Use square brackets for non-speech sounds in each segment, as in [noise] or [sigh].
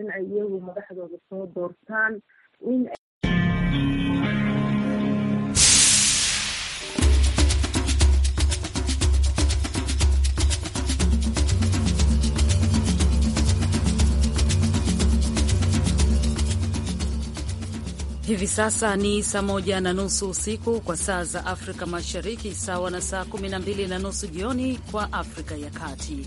in ay iyagu madaxdooda soo doortaan in Hivi sasa ni saa moja na nusu usiku kwa saa za Afrika Mashariki, sawa na saa kumi na mbili na nusu jioni kwa Afrika ya Kati.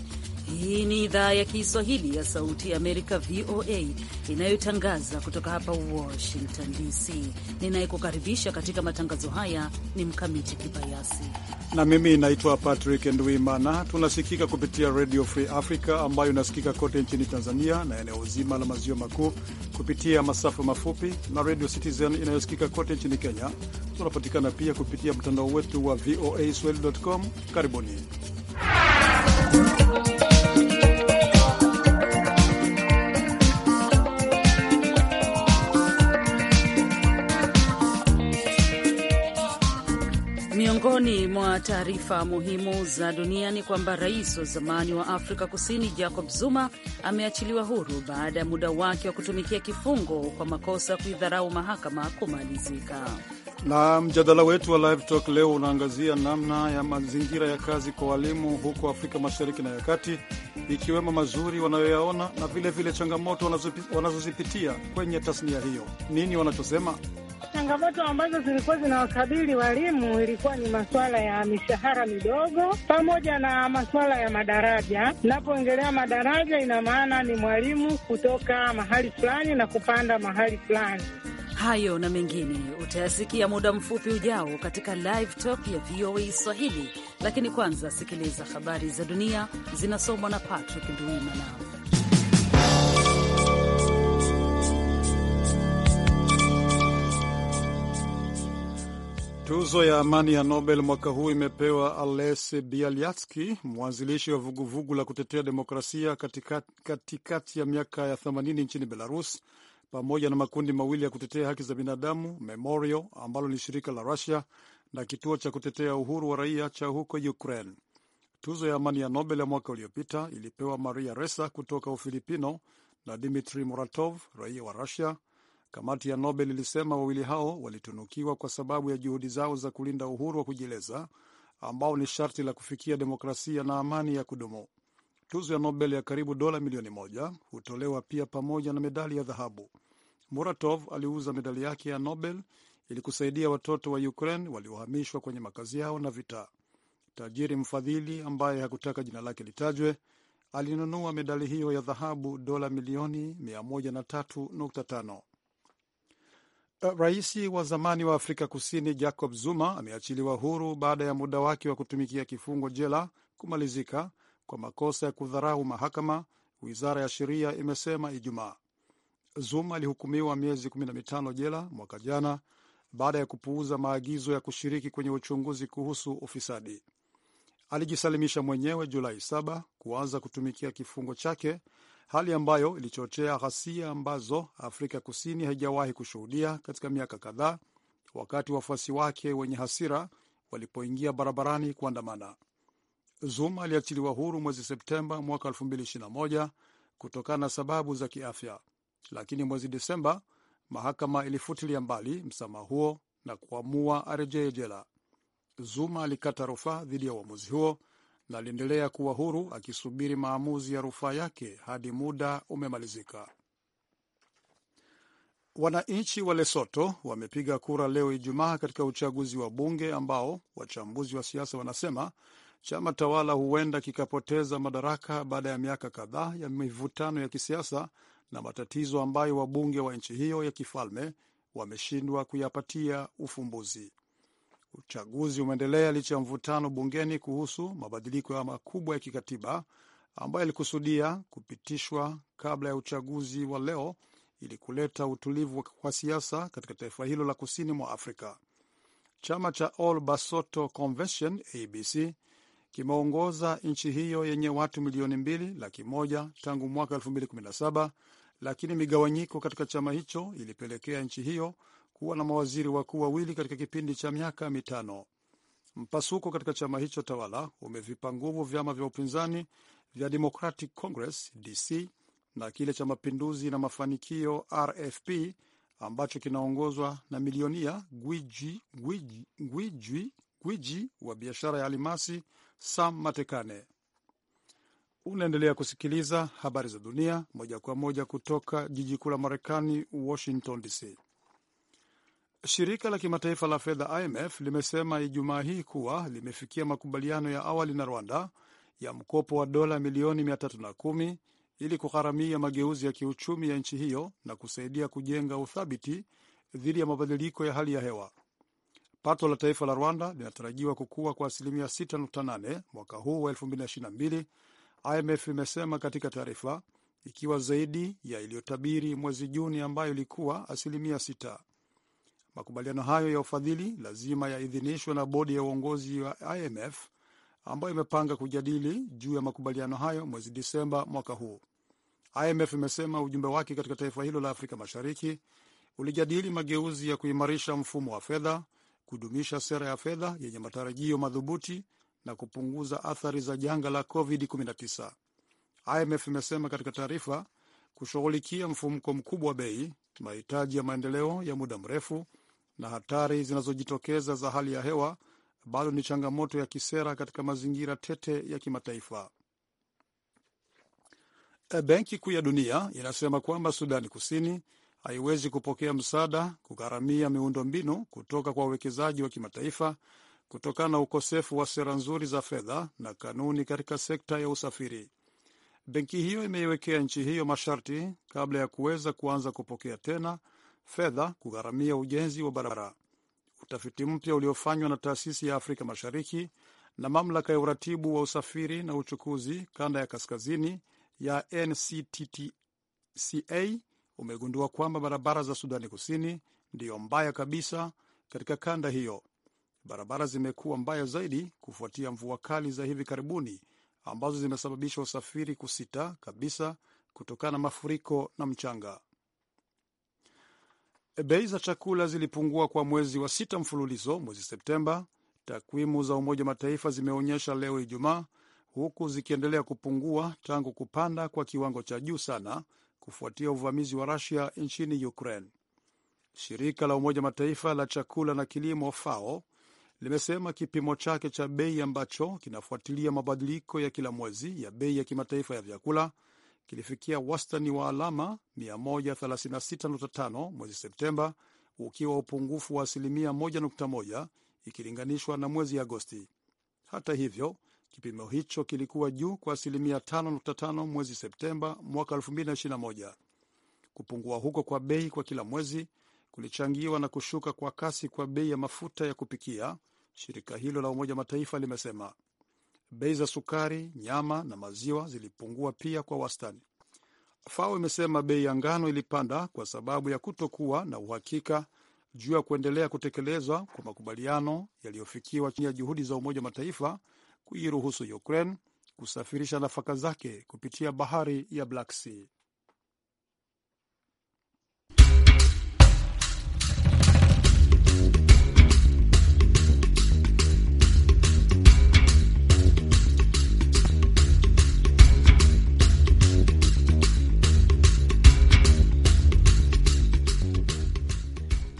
Hii ni idhaa ya Kiswahili ya Sauti ya Amerika, VOA, inayotangaza kutoka hapa Washington DC. Ninayekukaribisha katika matangazo haya ni Mkamiti Kibayasi na mimi naitwa Patrick Ndwimana. Tunasikika kupitia Radio Free Africa ambayo inasikika kote nchini Tanzania na eneo zima la maziwa makuu kupitia masafa mafupi na Radio Citizen inayosikika kote nchini Kenya. Tunapatikana pia kupitia mtandao wetu wa voa swahili.com. Karibuni. Miongoni mwa taarifa muhimu za dunia ni kwamba rais wa zamani wa Afrika Kusini Jacob Zuma ameachiliwa huru baada ya muda wake wa kutumikia kifungo kwa makosa ya kuidharau mahakama kumalizika. Na mjadala wetu wa Live Talk leo unaangazia namna ya mazingira ya kazi kwa walimu huko Afrika Mashariki na ya Kati, ikiwemo mazuri wanayoyaona na vilevile vile changamoto wanazozipitia kwenye tasnia hiyo. Nini wanachosema? Changamoto ambazo zilikuwa zinawakabili walimu ilikuwa ni masuala ya mishahara midogo pamoja na masuala ya madaraja. Napoongelea madaraja, ina maana ni mwalimu kutoka mahali fulani na kupanda mahali fulani. Hayo na mengine utayasikia muda mfupi ujao katika Live Talk ya VOA Swahili, lakini kwanza sikiliza habari za dunia zinasomwa na Patrick Nduimana. Tuzo ya amani ya Nobel mwaka huu imepewa Ales bialyatski mwanzilishi wa vuguvugu la kutetea demokrasia katikati katika ya miaka ya 80 nchini Belarus pamoja na makundi mawili ya kutetea haki za binadamu, Memorial ambalo ni shirika la Rusia na kituo cha kutetea uhuru wa raia cha huko Ukraine. Tuzo ya amani ya Nobel ya mwaka uliopita ilipewa Maria Ressa kutoka Ufilipino na Dmitri Muratov, raia wa Rusia. Kamati ya Nobel ilisema wawili hao walitunukiwa kwa sababu ya juhudi zao za kulinda uhuru wa kujieleza ambao ni sharti la kufikia demokrasia na amani ya kudumu. Tuzo ya Nobel ya karibu dola milioni moja hutolewa pia pamoja na medali ya dhahabu. Muratov aliuza medali yake ya Nobel ili kusaidia watoto wa Ukraine waliohamishwa kwenye makazi yao na vita. Tajiri mfadhili ambaye hakutaka jina lake litajwe alinunua medali hiyo ya dhahabu dola milioni 103.5. Rais wa zamani wa Afrika Kusini Jacob Zuma ameachiliwa huru baada ya muda wake wa kutumikia kifungo jela kumalizika kwa makosa ya kudharau mahakama, wizara ya sheria imesema Ijumaa. Zuma alihukumiwa miezi 15 jela mwaka jana baada ya kupuuza maagizo ya kushiriki kwenye uchunguzi kuhusu ufisadi. Alijisalimisha mwenyewe Julai 7 kuanza kutumikia kifungo chake, hali ambayo ilichochea ghasia ambazo Afrika Kusini haijawahi kushuhudia katika miaka kadhaa, wakati wafuasi wake wenye hasira walipoingia barabarani kuandamana. Zuma aliachiliwa huru mwezi Septemba mwaka 2021 kutokana na sababu za kiafya, lakini mwezi Desemba mahakama ilifutilia mbali msamaha huo na kuamua arejee jela. Zuma alikata rufaa dhidi ya uamuzi huo na aliendelea kuwa huru akisubiri maamuzi ya rufaa yake hadi muda umemalizika. Wananchi wa Lesoto wamepiga kura leo Ijumaa katika uchaguzi wa bunge ambao wachambuzi wa siasa wanasema Chama tawala huenda kikapoteza madaraka baada ya miaka kadhaa ya mivutano ya kisiasa na matatizo ambayo wabunge wa nchi hiyo ya kifalme wameshindwa kuyapatia ufumbuzi. Uchaguzi umeendelea licha ya mvutano bungeni kuhusu mabadiliko makubwa ya kikatiba ambayo yalikusudia kupitishwa kabla ya uchaguzi wa leo ili kuleta utulivu kwa siasa katika taifa hilo la kusini mwa Afrika. Chama cha All Basotho Convention ABC kimeongoza nchi hiyo yenye watu milioni mbili laki moja tangu mwaka 2017 lakini migawanyiko katika chama hicho ilipelekea nchi hiyo kuwa na mawaziri wakuu wawili katika kipindi cha miaka mitano. Mpasuko katika chama hicho tawala umevipa nguvu vyama vya upinzani vya Democratic Congress DC na kile cha mapinduzi na mafanikio RFP ambacho kinaongozwa na milionia gwiji, gwiji, gwiji, gwiji wa biashara ya alimasi Sam Matekane. Unaendelea kusikiliza habari za dunia moja kwa moja kutoka jiji kuu la Marekani, Washington DC. Shirika la kimataifa la fedha IMF limesema Ijumaa hii kuwa limefikia makubaliano ya awali na Rwanda ya mkopo wa dola milioni 310 ili kugharamia mageuzi ya kiuchumi ya nchi hiyo na kusaidia kujenga uthabiti dhidi ya mabadiliko ya hali ya hewa. Pato la taifa la Rwanda linatarajiwa kukua kwa asilimia 6.8 mwaka huu wa 2022, IMF imesema katika taarifa, ikiwa zaidi ya iliyotabiri mwezi Juni ambayo ilikuwa asilimia 6. Makubaliano hayo ya ufadhili lazima yaidhinishwe na bodi ya uongozi wa IMF ambayo imepanga kujadili juu ya makubaliano hayo mwezi Disemba mwaka huu. IMF imesema ujumbe wake katika taifa hilo la Afrika Mashariki ulijadili mageuzi ya kuimarisha mfumo wa fedha kudumisha sera ya fedha yenye matarajio madhubuti na kupunguza athari za janga la COVID-19. IMF imesema katika taarifa, kushughulikia mfumko mkubwa wa bei, mahitaji ya maendeleo ya muda mrefu na hatari zinazojitokeza za hali ya hewa bado ni changamoto ya kisera katika mazingira tete ya kimataifa. Benki Kuu ya Dunia inasema kwamba Sudani Kusini haiwezi kupokea msaada kugharamia miundombinu kutoka kwa wawekezaji wa kimataifa kutokana na ukosefu wa sera nzuri za fedha na kanuni katika sekta ya usafiri. Benki hiyo imeiwekea nchi hiyo masharti kabla ya kuweza kuanza kupokea tena fedha kugharamia ujenzi wa barabara. Utafiti mpya uliofanywa na taasisi ya Afrika Mashariki na mamlaka ya uratibu wa usafiri na uchukuzi kanda ya kaskazini ya NCTCA umegundua kwamba barabara za Sudani Kusini ndiyo mbaya kabisa katika kanda hiyo. Barabara zimekuwa mbaya zaidi kufuatia mvua kali za hivi karibuni ambazo zimesababisha usafiri kusita kabisa kutokana na mafuriko na mchanga. Bei za chakula zilipungua kwa mwezi wa sita mfululizo mwezi Septemba, takwimu za Umoja wa Mataifa zimeonyesha leo Ijumaa, huku zikiendelea kupungua tangu kupanda kwa kiwango cha juu sana kufuatia uvamizi wa Rusia nchini Ukraine. Shirika la Umoja Mataifa la chakula na kilimo FAO limesema kipimo chake cha bei ambacho kinafuatilia mabadiliko ya kila mwezi ya bei ya kimataifa ya vyakula kilifikia wastani wa alama 136.5 mwezi Septemba, ukiwa upungufu wa asilimia 1.1 ikilinganishwa na mwezi Agosti. Hata hivyo, Kipimo hicho kilikuwa juu kwa asilimia 5.5 mwezi Septemba mwaka 2021. Kupungua huko kwa bei kwa kila mwezi kulichangiwa na kushuka kwa kasi kwa bei ya mafuta ya kupikia, shirika hilo la Umoja Mataifa limesema. Bei za sukari, nyama na maziwa zilipungua pia kwa wastani. FAO imesema bei ya ngano ilipanda kwa sababu ya kutokuwa na uhakika juu ya kuendelea kutekelezwa kwa makubaliano yaliyofikiwa chini ya juhudi za Umoja Mataifa kuiruhusu Ukraine kusafirisha nafaka zake kupitia bahari ya Black Sea.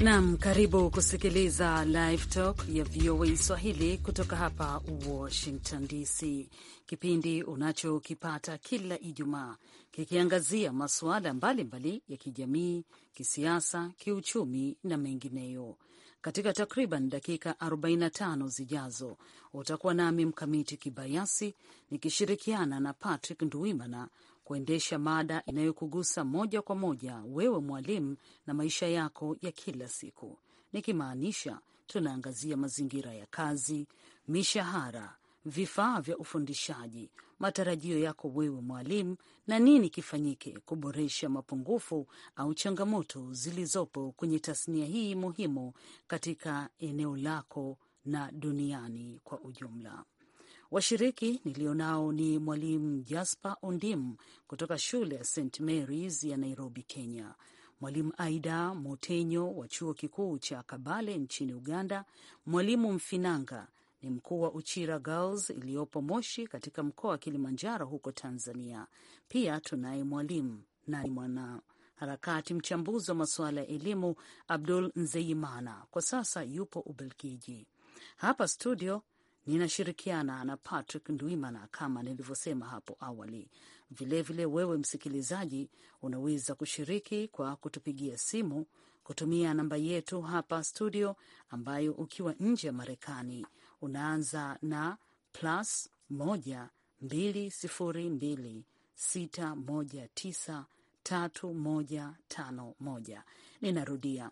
Nam, karibu kusikiliza Live Talk ya VOA Swahili kutoka hapa Washington DC, kipindi unachokipata kila Ijumaa kikiangazia masuala mbalimbali ya kijamii, kisiasa, kiuchumi na mengineyo. Katika takriban dakika 45 zijazo utakuwa nami Mkamiti Kibayasi nikishirikiana na Patrick Nduimana kuendesha mada inayokugusa moja kwa moja wewe mwalimu na maisha yako ya kila siku, nikimaanisha tunaangazia mazingira ya kazi, mishahara, vifaa vya ufundishaji, matarajio yako wewe mwalimu, na nini kifanyike kuboresha mapungufu au changamoto zilizopo kwenye tasnia hii muhimu katika eneo lako na duniani kwa ujumla. Washiriki nilionao ni mwalimu Jasper Ondim kutoka shule ya St Marys ya Nairobi, Kenya, mwalimu Aida Motenyo wa chuo kikuu cha Kabale nchini Uganda, mwalimu Mfinanga ni mkuu wa Uchira Girls iliyopo Moshi katika mkoa wa Kilimanjaro huko Tanzania. Pia tunaye mwalimu na mwana harakati mchambuzi wa masuala ya elimu Abdul Nzeimana, kwa sasa yupo Ubelgiji. Hapa studio Ninashirikiana na Patrick Ndwimana kama nilivyosema hapo awali. Vilevile vile wewe msikilizaji, unaweza kushiriki kwa kutupigia simu kutumia namba yetu hapa studio, ambayo ukiwa nje ya Marekani unaanza na plus 1 moja tano moja Ninarudia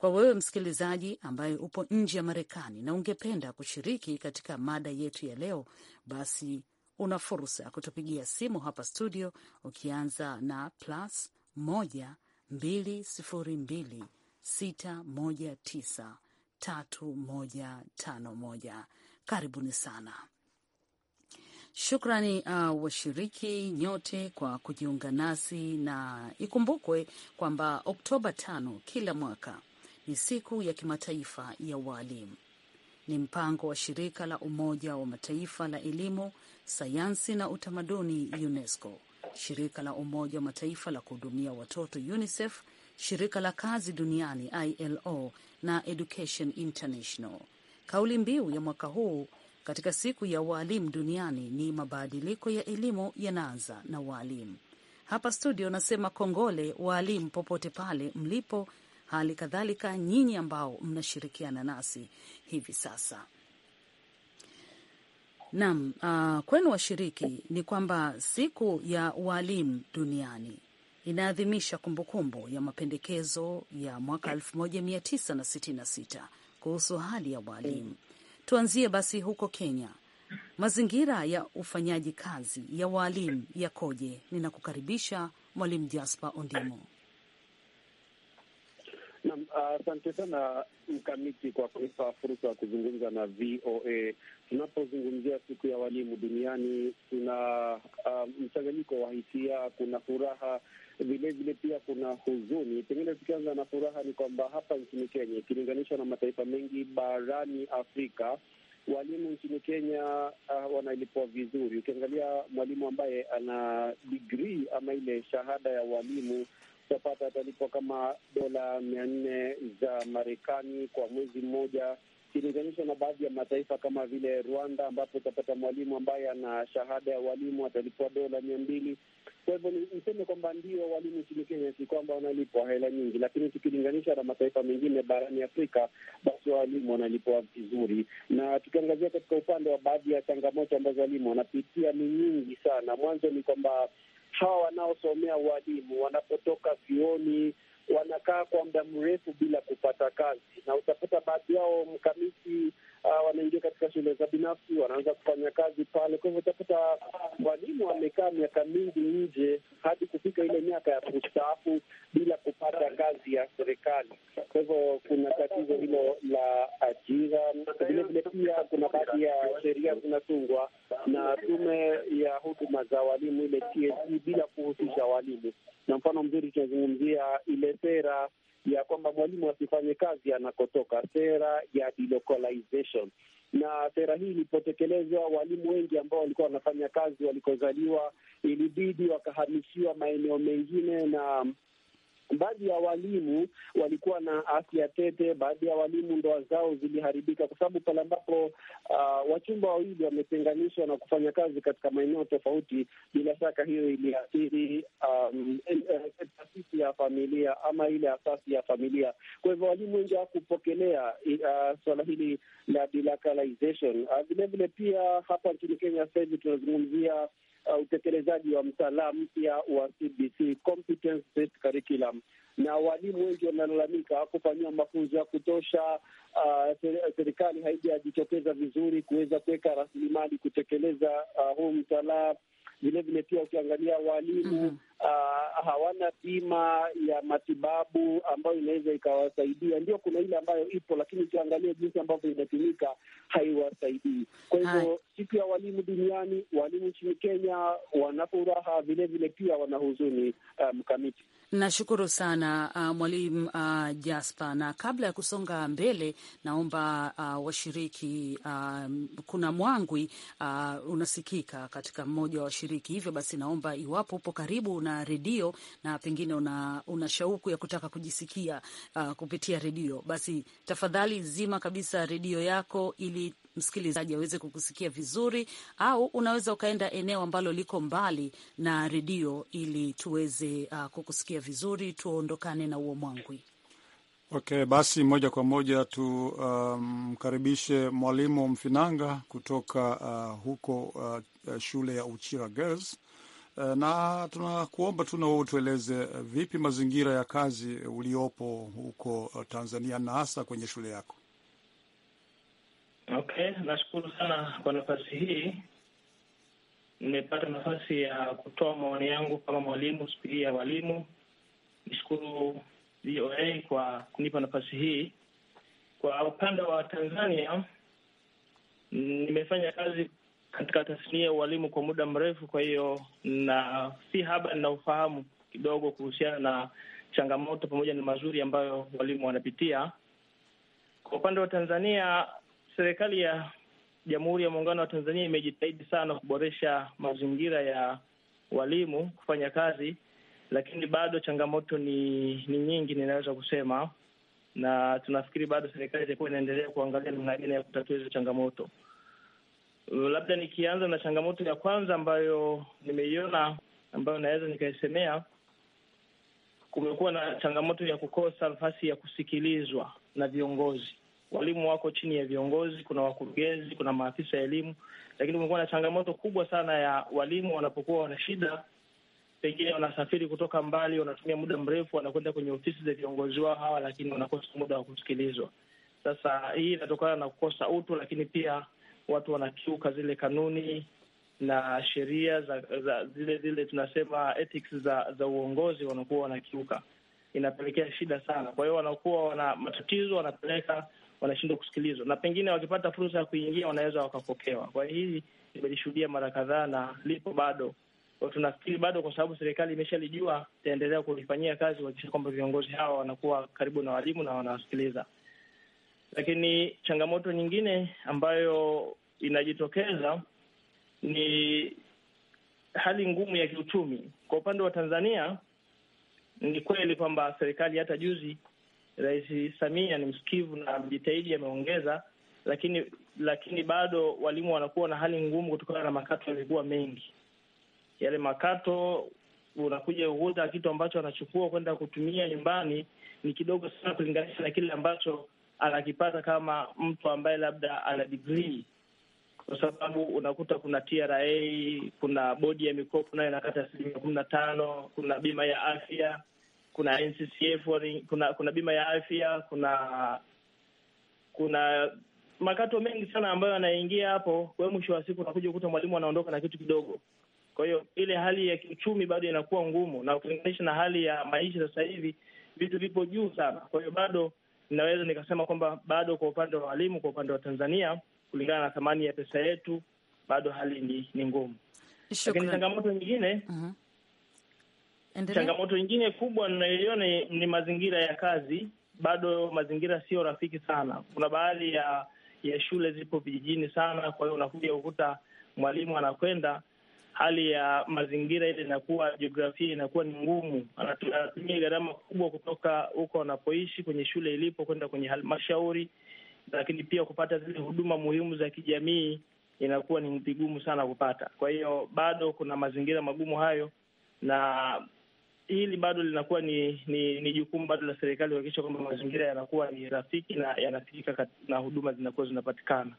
kwa wewe msikilizaji ambaye upo nje ya Marekani na ungependa kushiriki katika mada yetu ya leo, basi una fursa ya kutupigia simu hapa studio ukianza na plus tatu moja tano moja. Karibuni sana. Shukrani uh, washiriki nyote kwa kujiunga nasi, na ikumbukwe kwamba Oktoba tano kila mwaka ni siku ya kimataifa ya waalimu. Ni mpango wa shirika la Umoja wa Mataifa la elimu, sayansi na utamaduni UNESCO, shirika la Umoja wa Mataifa la kuhudumia watoto UNICEF, shirika la kazi duniani ILO na Education International. Kauli mbiu ya mwaka huu katika siku ya waalimu duniani ni mabadiliko ya elimu yanaanza na waalimu. Hapa studio nasema kongole waalimu popote pale mlipo hali kadhalika nyinyi ambao mnashirikiana nasi hivi sasa. Naam, uh, kwenu washiriki ni kwamba siku ya walimu duniani inaadhimisha kumbukumbu ya mapendekezo ya mwaka 1966 kuhusu hali ya walimu. Tuanzie basi huko Kenya. Mazingira ya ufanyaji kazi ya walimu yakoje? Ninakukaribisha Mwalimu Jasper Ondimo. Naam, ah, asante uh, sana Mkamiti kwa kunipa fursa ya kuzungumza na VOA. Tunapozungumzia siku ya walimu duniani, kuna uh, ah, mchanganyiko wa hisia, kuna furaha vilevile pia kuna huzuni. Pengine tukianza na furaha, ni kwamba hapa nchini Kenya ikilinganishwa na mataifa mengi barani Afrika, walimu nchini Kenya uh, wanalipwa vizuri. Ukiangalia mwalimu ambaye ana digrii ama ile shahada ya walimu utapata atalipwa kama dola mia nne za Marekani kwa mwezi mmoja, ikilinganishwa na baadhi ya mataifa kama vile Rwanda, ambapo utapata mwalimu ambaye ana shahada ya walimu atalipwa dola mia mbili. Kwa hivyo niseme kwamba ndio walimu nchini Kenya si kwamba wanalipwa hela nyingi, lakini tukilinganisha na mataifa mengine barani Afrika, basi walimu wanalipwa vizuri. Na tukiangazia katika upande wa baadhi ya changamoto ambazo walimu wanapitia ni nyingi sana. Mwanzo ni kwamba hawa wanaosomea ualimu wanapotoka vioni wanakaa kwa muda mrefu bila kupata kazi, na utapata baadhi yao mkamiti uh, wanaingia katika shule za binafsi, wanaanza kufanya kazi pale. Kwa hivyo utakuta walimu wamekaa miaka mingi nje hadi kufika ile miaka ya kustaafu bila kupata kazi ya serikali. Kwa hivyo kuna tatizo hilo la ajira. Vilevile pia kuna baadhi ya sheria zinatungwa na tume ya huduma za walimu ile TSC e, bila kuhusisha walimu, na mfano mzuri tunazungumzia ile sera ya kwamba mwalimu asifanye kazi anakotoka, sera ya delocalization. Na sera hii ilipotekelezwa, walimu wengi ambao walikuwa wanafanya kazi walikozaliwa ilibidi wakahamishiwa maeneo mengine na baadhi ya walimu walikuwa na afya tete, baadhi ya walimu ndoa zao ziliharibika, kwa sababu pale ambapo uh, wachumba wawili wametenganishwa na kufanya kazi katika maeneo tofauti, bila shaka hiyo iliathiri um, taasisi ya familia ama ile asasi ya familia. Kwa hivyo walimu wengi hawakupokelea uh, suala hili la delocalization. Vilevile uh, pia hapa nchini Kenya sasa hivi tunazungumzia uh, utekelezaji wa mtaala mpya wa CBC competence based curriculum, na walimu wengi wanalalamika kufanyiwa mafunzo ya kutosha. Uh, serikali haijajitokeza vizuri kuweza kuweka rasilimali kutekeleza uh, huu mtaala Vilevile pia ukiangalia walimu mm -hmm. uh, hawana bima ya matibabu ambayo inaweza ikawasaidia. Ndio kuna ile ambayo ipo, lakini ukiangalia jinsi ambavyo inatumika haiwasaidii. Kwa hivyo siku ya walimu duniani, walimu nchini Kenya wana furaha vilevile, pia wana huzuni ah, mkamiti um, Nashukuru sana uh, mwalimu uh, Jasper, na kabla ya kusonga mbele, naomba uh, washiriki uh, kuna mwangwi uh, unasikika katika mmoja wa washiriki, hivyo basi naomba iwapo upo karibu na redio na pengine una, una shauku ya kutaka kujisikia uh, kupitia redio, basi tafadhali zima kabisa redio yako ili msikilizaji aweze kukusikia vizuri, au unaweza ukaenda eneo ambalo liko mbali na redio ili tuweze uh, kukusikia vizuri, tuondokane na mwangwi. Okay, basi moja kwa moja tumkaribishe um, Mwalimu Mfinanga kutoka uh, huko uh, shule ya Uchira Girls uh, na tunakuomba tu na wewe tueleze uh, vipi mazingira ya kazi uliopo huko uh, Tanzania na hasa kwenye shule yako. Okay, nashukuru sana kwa nafasi hii. Nimepata nafasi ya kutoa maoni yangu kama mwalimu siku hii ya walimu nishukuru VOA kwa kunipa nafasi hii. Kwa upande wa Tanzania, nimefanya kazi katika tasnia ya ualimu kwa muda mrefu, kwa hiyo na si haba ninaofahamu kidogo kuhusiana na changamoto pamoja na mazuri ambayo walimu wanapitia. Kwa upande wa Tanzania, serikali ya Jamhuri ya Muungano wa Tanzania imejitahidi sana kuboresha mazingira ya walimu kufanya kazi lakini bado changamoto ni ni nyingi, ninaweza kusema, na tunafikiri bado serikali itakuwa inaendelea kuangalia namna gani ya kutatua hizo changamoto. Labda nikianza na changamoto ya kwanza ambayo nimeiona, ambayo naweza nikaisemea, kumekuwa na changamoto ya kukosa nafasi ya kusikilizwa na viongozi. Walimu wako chini ya viongozi, kuna wakurugenzi, kuna maafisa ya elimu, lakini kumekuwa na changamoto kubwa sana ya walimu wanapokuwa wana shida pengine wanasafiri kutoka mbali, wanatumia muda mrefu, wanakwenda kwenye ofisi za viongozi wao hawa, lakini wanakosa muda wa kusikilizwa. Sasa hii inatokana na kukosa utu, lakini pia watu wanakiuka zile kanuni na sheria za, za zile zile tunasema ethics za za uongozi, wanakuwa wanakiuka, inapelekea shida sana. Kwa hiyo wanakuwa wana matatizo, wanapeleka wanashindwa kusikilizwa, na pengine wakipata fursa ya kuingia wanaweza wakapokewa. Kwa hii imelishuhudia mara kadhaa na lipo bado tunafikiri bado, kwa sababu serikali imeshalijua, itaendelea kulifanyia kazi kuhakikisha kwamba viongozi hawa wanakuwa karibu na walimu na wanawasikiliza. Lakini changamoto nyingine ambayo inajitokeza ni hali ngumu ya kiuchumi kwa upande wa Tanzania. Ni kweli kwamba serikali hata juzi Rais Samia ni msikivu na mjitahidi, ameongeza, lakini lakini bado walimu wanakuwa na hali ngumu kutokana na makato yalikuwa mengi yale makato unakuja uuza kitu ambacho anachukua kwenda kutumia nyumbani ni kidogo sana kulinganisha na kile ambacho anakipata kama mtu ambaye labda ana digrii, kwa sababu unakuta kuna TRA, kuna bodi ya mikopo nayo inakata asilimia kumi na tano, kuna bima ya afya, kuna NCCF, kuna kuna bima ya afya, kuna kuna makato mengi sana ambayo anaingia hapo. Kwa hiyo mwisho wa siku unakuja kukuta mwalimu anaondoka na kitu kidogo. Kwa hiyo ile hali ya kiuchumi bado inakuwa ngumu, na ukilinganisha na hali ya maisha sasa hivi vitu vipo juu sana. Kwa hiyo bado inaweza nikasema kwamba bado kwa upande wa walimu, kwa upande wa Tanzania, kulingana na thamani ya pesa yetu, bado hali ni, ni ngumu. Lakini changamoto nyingine uh mhm. -huh. Changamoto nyingine kubwa ninayoiona ni mazingira ya kazi. Bado mazingira sio rafiki sana. Kuna baadhi ya ya shule zipo vijijini sana, kwa hiyo unakuja kukuta mwalimu anakwenda hali ya mazingira ile inakuwa, jiografia inakuwa ni ngumu, anatumia gharama kubwa kutoka huko wanapoishi kwenye shule ilipo kwenda kwenye halmashauri, lakini pia kupata zile huduma muhimu za kijamii inakuwa ni vigumu sana kupata. Kwa hiyo bado kuna mazingira magumu hayo, na hili bado linakuwa ni ni, ni jukumu bado la serikali kuhakikisha kwamba mazingira yanakuwa ni rafiki na yanafikika na huduma zinakuwa zinapatikana.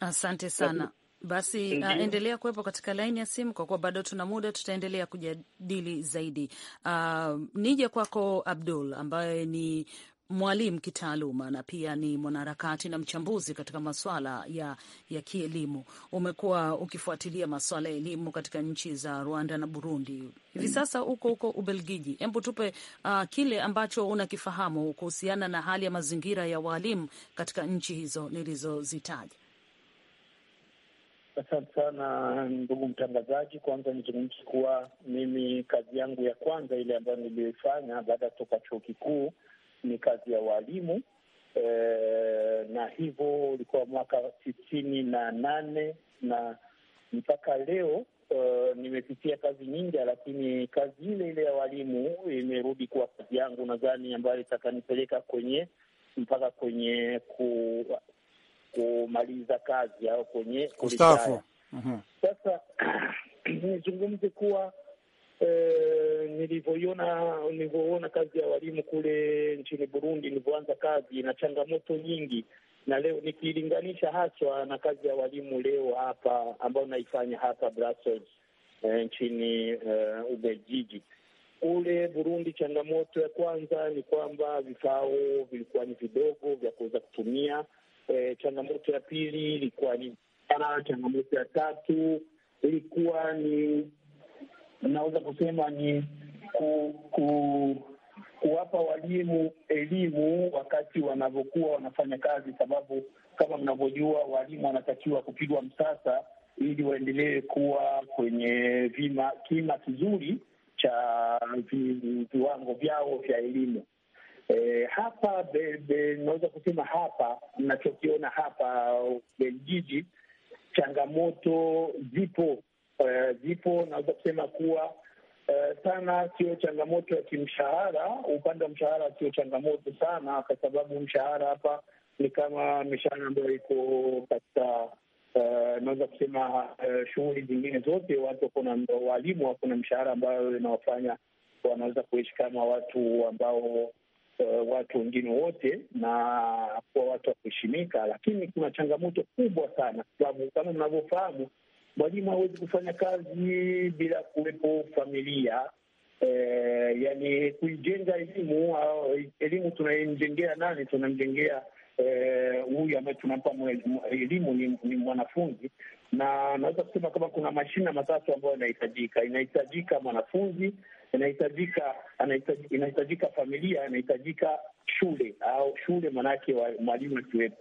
Asante sana. Basi uh, endelea kuwepo katika laini ya simu kwa kuwa bado tuna muda, tutaendelea kujadili zaidi. Uh, nije kwako Abdul ambaye ni mwalimu kitaaluma na pia ni mwanaharakati na mchambuzi katika maswala ya, ya kielimu. Umekuwa ukifuatilia maswala ya elimu katika nchi za Rwanda na Burundi, hivi mm. sasa huko huko Ubelgiji. Hebu tupe uh, kile ambacho unakifahamu kuhusiana na hali ya mazingira ya waalimu katika nchi hizo nilizozitaja. Asante sana ndugu mtangazaji. Kwanza nizungumzi kuwa mimi kazi yangu ya kwanza ile ambayo niliyoifanya baada ya kutoka chuo kikuu ni kazi ya walimu e, eh, na hivyo ulikuwa mwaka sitini na nane na mpaka leo e, nimepitia kazi nyingi, lakini kazi ile ile ya walimu imerudi kuwa kazi yangu, nadhani ambayo itakanipeleka kwenye mpaka kwenye ku, kumaliza kazi au kwenye kustaafu. Mhm. Sasa [clears throat] nizungumze kuwa Uh, nilivyoiona nilivyoona kazi ya walimu kule nchini Burundi nilivyoanza kazi, na changamoto nyingi, na leo nikilinganisha haswa na kazi ya walimu leo hapa ambayo naifanya hapa Brussels, uh, nchini uh, Ubelgiji. Kule Burundi, changamoto ya kwanza ni kwamba vifao vilikuwa ni vidogo vya kuweza kutumia E, changamoto ya pili ilikuwa ni ara. Changamoto ya tatu ilikuwa ni naweza kusema ni ku, ku, kuwapa walimu elimu wakati wanavyokuwa wanafanya kazi, sababu kama mnavyojua walimu wanatakiwa kupigwa msasa ili waendelee kuwa kwenye vima kima kizuri cha viwango vyao vya elimu. E, hapa naweza kusema hapa nachokiona hapa Beljiji, changamoto zipo uh, zipo naweza kusema kuwa uh, sana sio changamoto ya kimshahara. Upande wa mshahara sio changamoto sana, kwa sababu mshahara hapa ni kama mishahara ambayo iko katika Uh, naweza kusema uh, shughuli zingine zote, watu wako na walimu wako na mshahara ambayo inawafanya wanaweza kuishi kama watu ambao uh, watu wengine wote na kuwa watu wa kuheshimika, lakini kuna changamoto kubwa sana, kwa sababu kama mnavyofahamu, mwalimu hawezi kufanya kazi bila kuwepo familia eh, yani kuijenga elimu. Eh, elimu tunaimjengea nani? Tunamjengea eh, huyu eh, ambaye tunampa elimu ni, ni mwanafunzi, na naweza kusema kama kuna mashina matatu ambayo inahitajika. Inahitajika mwanafunzi inahitajika inahitajika familia, inahitajika shule au shule, maanake mwalimu akiwepo.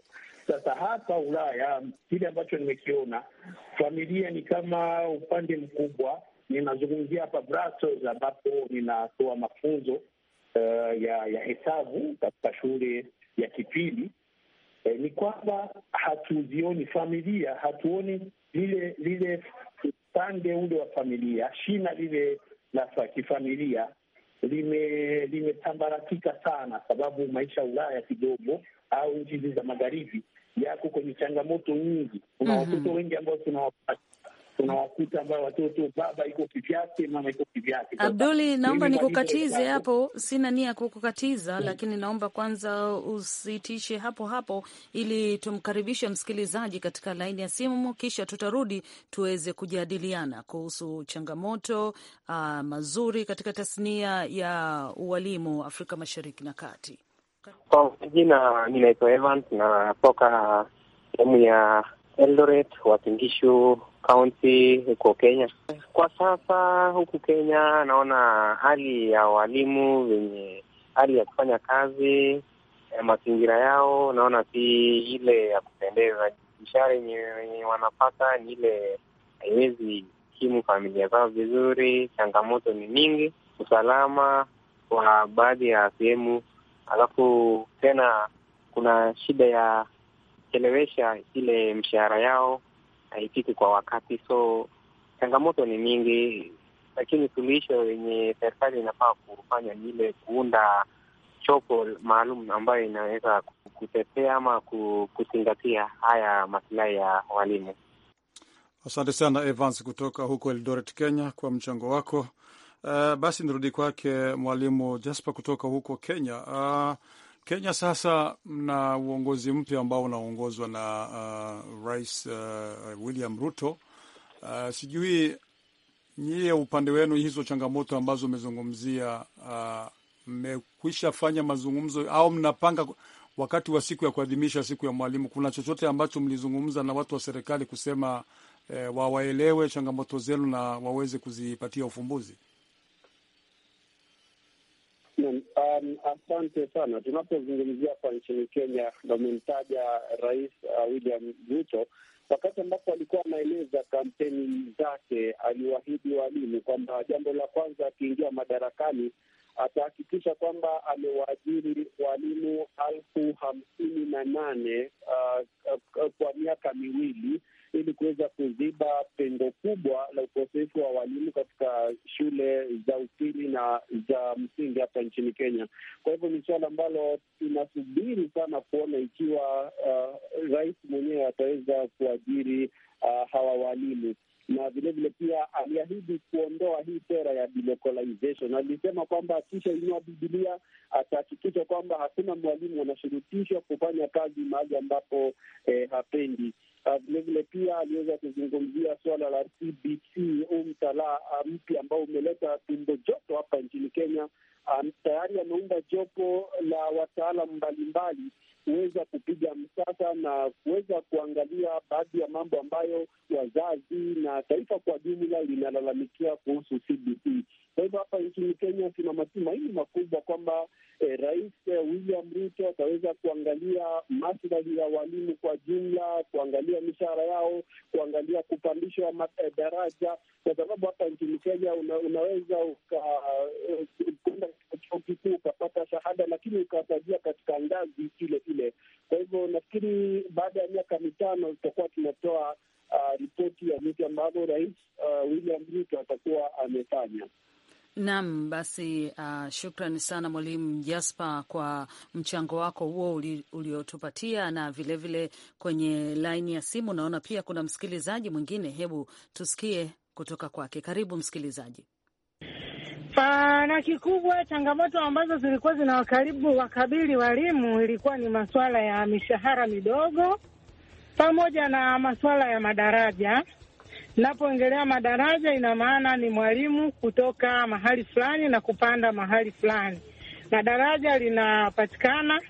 Sasa hapa Ulaya kile ambacho nimekiona, familia ni kama upande mkubwa. Ninazungumzia hapa Brussels, ambapo ninatoa mafunzo uh, ya ya hesabu katika shule ya kipili. eh, ni kwamba hatuzioni familia, hatuoni lile lile upande ule wa familia, shina lile la kifamilia limetambaratika lime sana, sababu maisha Ulaya kidogo au nchi hizi za magharibi yako kwenye changamoto nyingi. Kuna mhm. watoto wengi ambao tunawapata unawakuta ambao watoto baba iko kivyake, mama iko kivyake. Abduli, naomba nikukatize hapo, sina nia ya kukukatiza hmm, lakini naomba kwanza usitishe hapo hapo ili tumkaribishe msikilizaji katika laini ya simu, kisha tutarudi tuweze kujadiliana kuhusu changamoto uh, mazuri katika tasnia ya ualimu Afrika Mashariki na Kati. Kwa jina ninaitwa Evans, natoka sehemu ya Eldoret, Wakingishu kaunti huko Kenya. Kwa sasa huku Kenya naona hali ya walimu venye hali ya kufanya kazi ya mazingira yao naona si ile ya kupendeza. Mishahara yenye wanapata ni ile haiwezi kimu familia zao vizuri. Changamoto ni nyingi, usalama wa baadhi ya sehemu, alafu tena kuna shida ya kuchelewesha ile mshahara yao haifiki kwa wakati, so changamoto ni nyingi, lakini suluhisho yenye serikali inafaa kufanya ni ile kuunda choko maalum ambayo inaweza kutetea ama kuzingatia haya masilahi ya walimu. Asante sana Evans kutoka huko Eldoret, Kenya, kwa mchango wako. Uh, basi nirudi kwake mwalimu Jasper kutoka huko Kenya. Uh, Kenya sasa mna uongozi mpya ambao unaongozwa na uh, Rais uh, William Ruto. Uh, sijui nyie upande wenu hizo changamoto ambazo mmezungumzia uh, mmekwisha uh, fanya mazungumzo au mnapanga wakati wa siku ya kuadhimisha siku ya mwalimu, kuna chochote ambacho mlizungumza na watu wa serikali kusema eh, wawaelewe changamoto zenu na waweze kuzipatia ufumbuzi? um, asante sana. Tunapozungumzia hapa nchini Kenya na umemtaja Rais uh, William Ruto, wakati ambapo alikuwa anaeleza kampeni zake aliwaahidi walimu kwamba jambo la kwanza akiingia madarakani atahakikisha kwamba amewaajiri walimu elfu hamsini na nane uh, uh, kwa miaka miwili ili kuweza kuziba pengo kubwa la ukosefu wa walimu katika shule za upili na za msingi hapa nchini Kenya. Kwa hivyo ni suala ambalo tunasubiri sana kuona ikiwa uh, rais mwenyewe ataweza kuajiri uh, hawa walimu na vilevile pia aliahidi kuondoa hii sera ya delocalization. Alisema kwamba akishainua Bibilia atahakikisha kwamba hakuna mwalimu anashurutishwa kufanya kazi mahali ambapo eh, hapendi. Ah, vilevile pia aliweza kuzungumzia suala la CBC, huu mtalaa ah, mpya ambao umeleta tumbo joto hapa nchini Kenya. Um, tayari ameunda jopo la wataalam mbalimbali kuweza kupiga msasa na kuweza kuangalia baadhi ya mambo ambayo wazazi na taifa kwa jumla linalalamikia kuhusu CBC. Kwa hivyo hapa nchini Kenya tuna matumaini makubwa kwamba eh, Rais eh, William Ruto ataweza kuangalia maslahi ya walimu kwa jumla, kuangalia mishahara yao, kuangalia kupandishwa eh, daraja, kwa sababu hapa nchini Kenya una, unaweza ukakwenda eh, uh, chuo kikuu ukapata shahada, lakini ukasadia katika ngazi ile ile. Kwa hivyo nafikiri baada ya miaka mitano tutakuwa tunatoa Uh, ripoti ya vitu ambavyo rais uh, William Ruto atakuwa amefanya nam basi uh, shukran sana Mwalimu Jasper kwa mchango wako huo uliotupatia, na vilevile vile kwenye laini ya simu naona pia kuna msikilizaji mwingine. Hebu tusikie kutoka kwake. Karibu msikilizaji. Pana kikubwa, changamoto ambazo zilikuwa zinawakaribu wakabili walimu ilikuwa ni masuala ya mishahara midogo pamoja na masuala ya madaraja Napoongelea madaraja, ina maana ni mwalimu kutoka mahali fulani na kupanda mahali fulani, na daraja linapatikana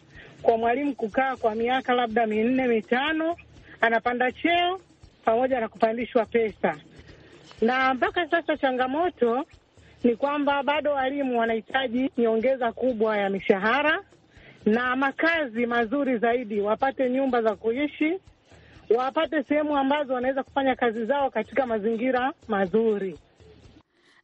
kwa mwalimu kukaa kwa miaka labda minne mitano, anapanda cheo pamoja na kupandishwa pesa. Na mpaka sasa changamoto ni kwamba bado walimu wanahitaji nyongeza kubwa ya mishahara na makazi mazuri zaidi, wapate nyumba za kuishi wapate sehemu ambazo wanaweza kufanya kazi zao katika mazingira mazuri.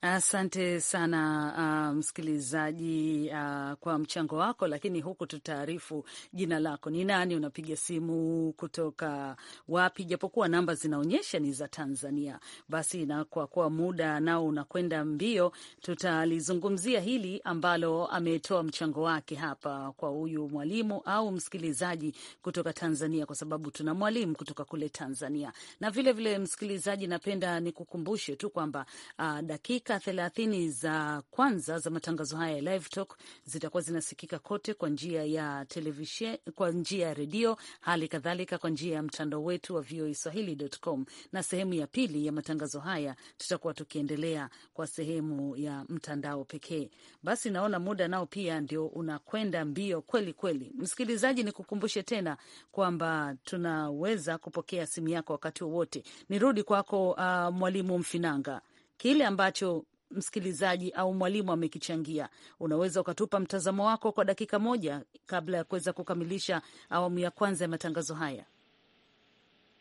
Asante sana uh, msikilizaji, um, uh, kwa mchango wako, lakini huku tutaarifu jina lako ni nani, unapiga simu kutoka wapi, japokuwa namba zinaonyesha ni za Tanzania. Basi na kwa kuwa muda nao unakwenda mbio, tutalizungumzia hili ambalo ametoa mchango wake hapa kwa huyu mwalimu au msikilizaji kutoka Tanzania, kwa sababu tuna mwalimu kutoka kule Tanzania. Na vilevile vile, msikilizaji, napenda nikukumbushe tu kwamba uh, dakika dakika thelathini za kwanza za matangazo haya ya Live Talk zitakuwa zinasikika kote kwa njia ya televishe, kwa njia ya redio, hali kadhalika kwa njia ya mtandao wetu wa VOA Swahili.com. Na sehemu ya pili ya matangazo haya tutakuwa tukiendelea kwa sehemu ya mtandao pekee. Basi naona muda nao pia ndio unakwenda mbio kweli kweli. Msikilizaji, nikukumbushe tena kwamba tunaweza kupokea simu yako wakati wowote. Nirudi kwako, uh, Mwalimu Mfinanga kile ambacho msikilizaji au mwalimu amekichangia. Unaweza ukatupa mtazamo wako kwa dakika moja kabla ya kuweza kukamilisha awamu ya kwanza ya matangazo haya.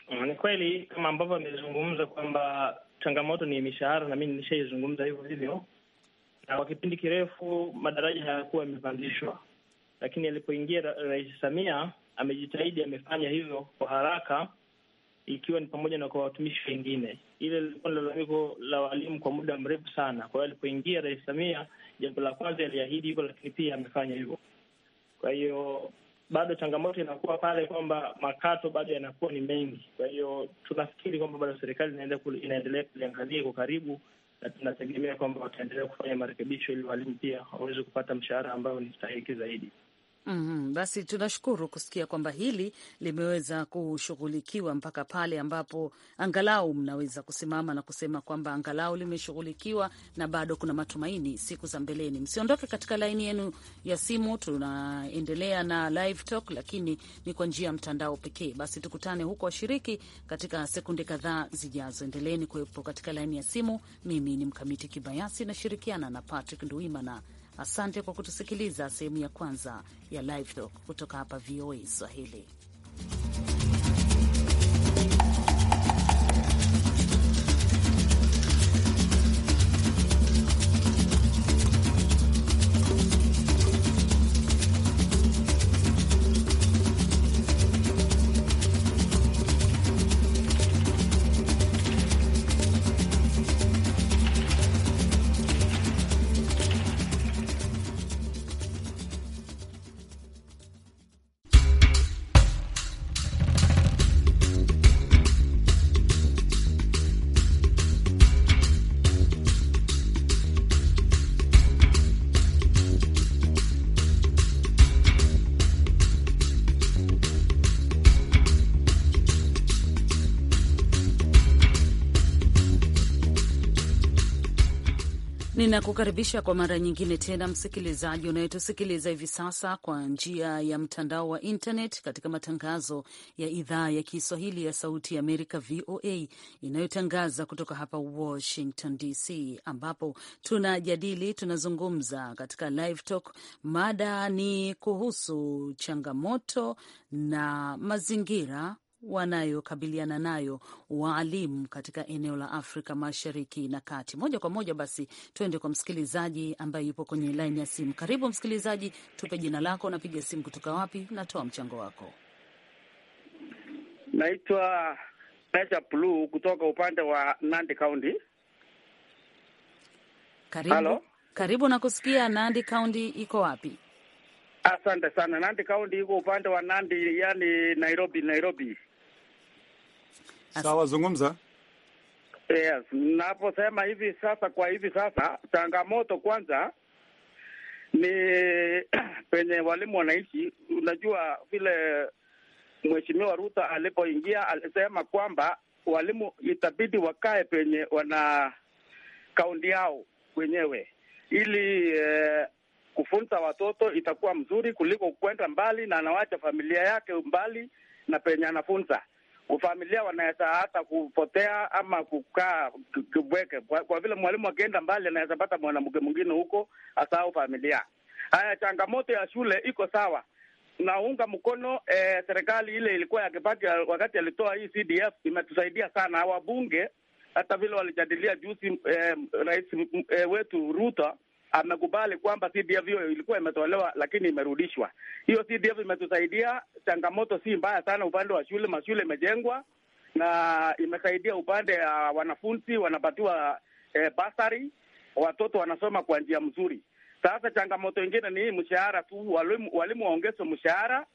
Ah, ni kweli kama ambavyo amezungumza kwamba changamoto ni mishahara, na mi nilishaizungumza hivyo hivyo, na kwa kipindi kirefu madaraja hayakuwa yamepandishwa, lakini alipoingia Rais Samia amejitahidi, amefanya hivyo kwa haraka ikiwa ni pamoja na kwa watumishi wengine. Ile lilikuwa ni lalamiko la walimu kwa muda mrefu sana. Kwa hiyo alipoingia Rais Samia, jambo la kwanza aliahidi hivyo, lakini pia amefanya hivyo. Kwa hiyo bado changamoto inakuwa pale kwamba makato bado yanakuwa ni mengi. Kwa hiyo tunafikiri kwamba bado serikali inaendelea kuliangazia kwa karibu, na tunategemea kwamba wataendelea kufanya marekebisho ili walimu pia waweze kupata mshahara ambayo ni stahiki zaidi. Mm -hmm. Basi tunashukuru kusikia kwamba hili limeweza kushughulikiwa mpaka pale ambapo angalau mnaweza kusimama na kusema kwamba angalau limeshughulikiwa na bado kuna matumaini siku za mbeleni. Msiondoke katika laini yenu ya simu, tunaendelea na live talk, lakini ni kwa njia ya mtandao pekee. Basi tukutane huko washiriki katika sekunde kadhaa zijazo. Endeleeni kuwepo katika laini ya simu. Mimi ni Mkamiti Kibayasi, nashirikiana na Patrick Nduimana. Asante kwa kutusikiliza sehemu ya kwanza ya Live Talk kutoka hapa VOA Swahili. Ninakukaribisha kwa mara nyingine tena msikilizaji unayetusikiliza hivi sasa kwa njia ya mtandao wa internet katika matangazo ya idhaa ya Kiswahili ya Sauti ya Amerika, VOA, inayotangaza kutoka hapa Washington DC, ambapo tunajadili, tunazungumza katika Live Talk. Mada ni kuhusu changamoto na mazingira wanayokabiliana nayo waalimu katika eneo la Afrika Mashariki na Kati. Moja kwa moja basi tuende kwa msikilizaji ambaye yupo kwenye laini ya simu. Karibu msikilizaji, tupe jina lako, unapiga simu kutoka wapi, natoa mchango wako. Naitwa naitwa kutoka upande wa Nandi Kaunti. Karibu. Halo? Karibu na kusikia. Nandi Kaunti iko wapi? Asante sana. Nandi Kaunti iko upande wa Nandi, yani Nairobi. Nairobi Sawa, zungumza. Yes, naposema hivi sasa, kwa hivi sasa changamoto kwanza ni [clears throat] penye walimu wanaishi. Unajua vile Mheshimiwa Ruto alipoingia alisema kwamba walimu itabidi wakae penye wana kaundi yao wenyewe ili eh, kufunza watoto itakuwa mzuri kuliko kwenda mbali na anawacha familia yake mbali na penye anafunza familia wanaweza hata kupotea ama kukaa kibweke, kwa, kwa vile mwalimu akienda mbali anaweza pata mwanamke mwingine huko asahau familia. Haya, changamoto ya shule iko sawa, naunga mkono eh, serikali ile ilikuwa ya Kibaki wakati alitoa hii CDF imetusaidia sana. Wabunge hata vile walijadilia juzi eh, rais eh, wetu Ruto amekubali kwamba CDF hiyo ilikuwa imetolewa lakini imerudishwa. Hiyo CDF imetusaidia, changamoto si mbaya sana upande wa shule, mashule imejengwa na imesaidia upande wa uh, wanafunzi wanapatiwa eh, basari, watoto wanasoma kwa njia mzuri. Sasa changamoto ingine ni hii mshahara tu, walimu walimu waongezwe mshahara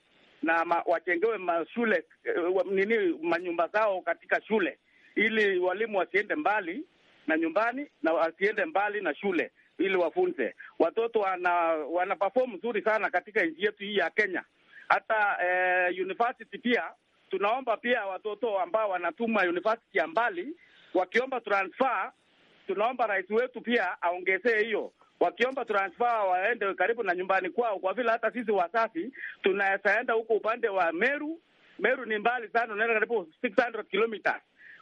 na ma, wajengewe mashule eh, nini manyumba zao katika shule, ili walimu wasiende mbali na nyumbani na wasiende mbali na shule ili wafunze watoto. Wana, wana perform nzuri sana katika nchi yetu hii ya Kenya. Hata eh, university pia tunaomba pia watoto ambao wanatuma university ya mbali wakiomba transfer, tunaomba rais wetu pia aongezee hiyo wakiomba transfer waende karibu na nyumbani kwao, kwa vile hata sisi wazazi tunaenda huko upande wa Meru. Meru ni mbali sana, unaenda karibu 600 kilometers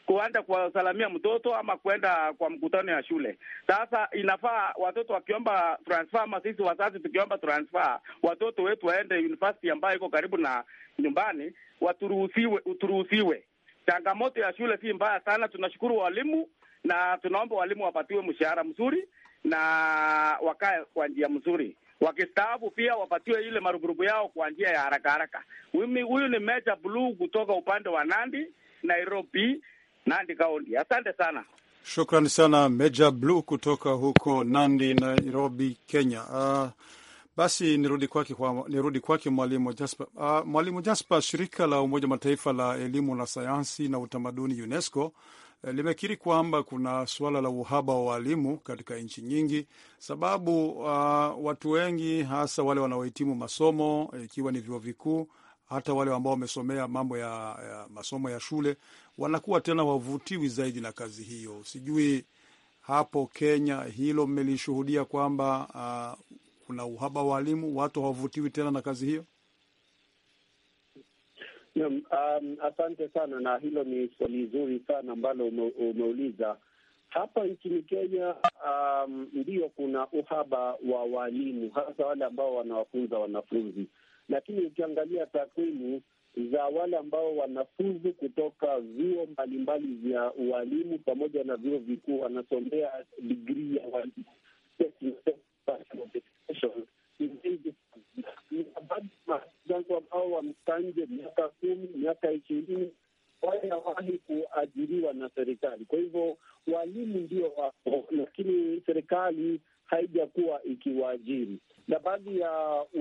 kuanza kuwasalamia mtoto ama kwenda kwa mkutano ya shule. Sasa inafaa watoto wakiomba transfer, ama sisi wazazi tukiomba transfer, watoto wetu waende university ambayo iko karibu na nyumbani, waturuhusiwe, uturuhusiwe. Changamoto ya shule si mbaya sana, tunashukuru walimu na tunaomba walimu wapatiwe mshahara mzuri na wakae kwa njia mzuri wakistaafu pia wapatiwe ile marupurupu yao kwa njia ya haraka haraka. Huyu ni meja bluu kutoka upande wa Nandi, Nairobi. Nandi Kaundi. Asante sana. Shukrani sana Meja Blue kutoka huko Nandi, Nairobi, Kenya. Uh, basi nirudi kwake kwa, nirudi kwake Mwalimu Jasper. Uh, Mwalimu Jasper, shirika la Umoja wa Mataifa la elimu na sayansi na utamaduni UNESCO eh, limekiri kwamba kuna suala la uhaba wa walimu katika nchi nyingi, sababu uh, watu wengi hasa wale wanaohitimu masomo ikiwa ni vyuo vikuu hata wale ambao wamesomea mambo ya, ya masomo ya shule wanakuwa tena wavutiwi zaidi na kazi hiyo. Sijui hapo Kenya hilo mmelishuhudia kwamba uh, kuna uhaba wa walimu, watu hawavutiwi tena na kazi hiyo? Um, asante sana, na hilo ni swali zuri sana ambalo ume, umeuliza hapa nchini Kenya. Um, ndio kuna uhaba wa walimu hasa wale ambao wanawafunza wanafunzi lakini ukiangalia takwimu za wale ambao wanafuzu kutoka vyuo mbalimbali vya ualimu pamoja na vyuo vikuu wanasomea digri ya ualimu ambao wamstanje miaka kumi miaka ishirini hawajawahi kuajiriwa na serikali. Kwa hivyo walimu ndio wapo, lakini serikali haijakuwa ikiwaajiri, na baadhi ya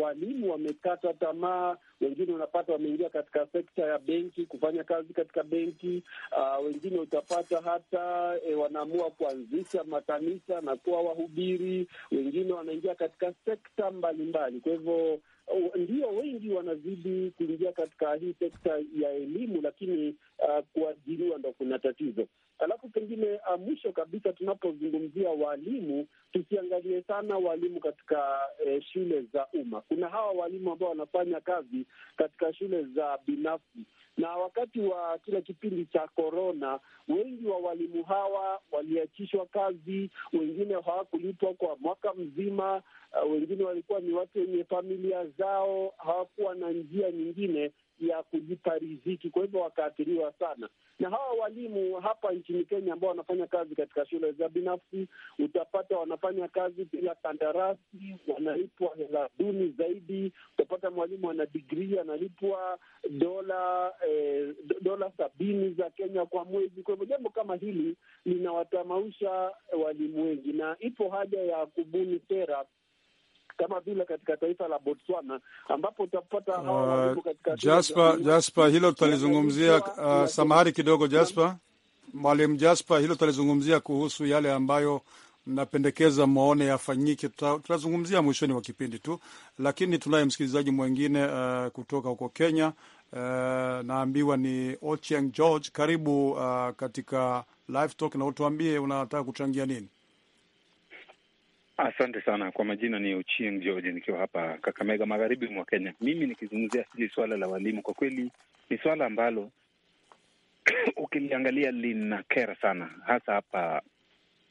walimu wamekata tamaa. Wengine unapata wameingia katika sekta ya benki kufanya kazi katika benki. Uh, wengine utapata hata e, wanaamua kuanzisha makanisa na kuwa wahubiri. Wengine wanaingia katika sekta mbalimbali. Kwa hivyo oh, ndio wengi wanazidi kuingia katika hii sekta ya elimu, lakini uh, kuajiriwa ndo kuna tatizo. Alafu pengine ah, mwisho kabisa, tunapozungumzia walimu, tusiangalie sana walimu katika eh, shule za umma. Kuna hawa walimu ambao wanafanya kazi katika shule za binafsi, na wakati wa kile kipindi cha korona, wengi wa walimu hawa waliachishwa kazi, wengine hawakulipwa kwa mwaka mzima, ah, wengine walikuwa ni watu wenye familia zao, hawakuwa na njia nyingine ya kujipa riziki, kwa hivyo wakaathiriwa sana. Na hawa walimu hapa nchini Kenya ambao wanafanya kazi katika shule za binafsi, utapata wanafanya kazi bila kandarasi, wanalipwa hela duni zaidi. Utapata mwalimu ana digrii analipwa dola eh, dola sabini za Kenya kwa mwezi. Kwa hivyo jambo kama hili linawatamausha walimu wengi, na ipo haja ya kubuni sera kama vile katika taifa la Botswana ambapo utapata uh, Jasper, Jasper, hilo tutalizungumzia uh, samahani kidogo Jasper, mwalimu Jasper, hilo tutalizungumzia kuhusu yale ambayo mnapendekeza mwaone yafanyike, tutazungumzia mwishoni wa kipindi tu, lakini tunaye msikilizaji mwengine uh, kutoka huko Kenya. Uh, naambiwa ni Ochieng George, karibu uh, katika live talk, na utuambie unataka kuchangia nini? Asante sana kwa majina, ni uchin George nikiwa hapa Kakamega, magharibi mwa Kenya. Mimi nikizungumzia hili swala la walimu, kwa kweli ni swala ambalo [coughs] ukiliangalia lina kera sana, hasa hapa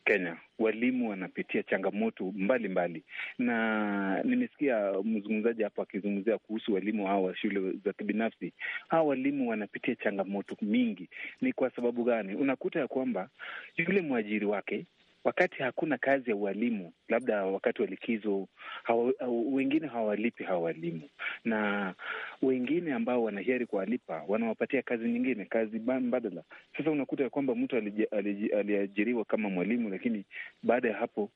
Kenya. Walimu wanapitia changamoto mbalimbali mbali. Na nimesikia mzungumzaji hapo akizungumzia kuhusu walimu hawa wa shule za kibinafsi. Hawa walimu wanapitia changamoto mingi. Ni kwa sababu gani? Unakuta ya kwamba yule mwajiri wake wakati hakuna kazi ya ualimu, labda wakati wa likizo hawa, wengine hawalipi hawa walimu, na wengine ambao wanahiari kuwalipa wanawapatia kazi nyingine, kazi mbadala. Sasa unakuta ya kwamba mtu aliajiriwa kama mwalimu, lakini baada ya hapo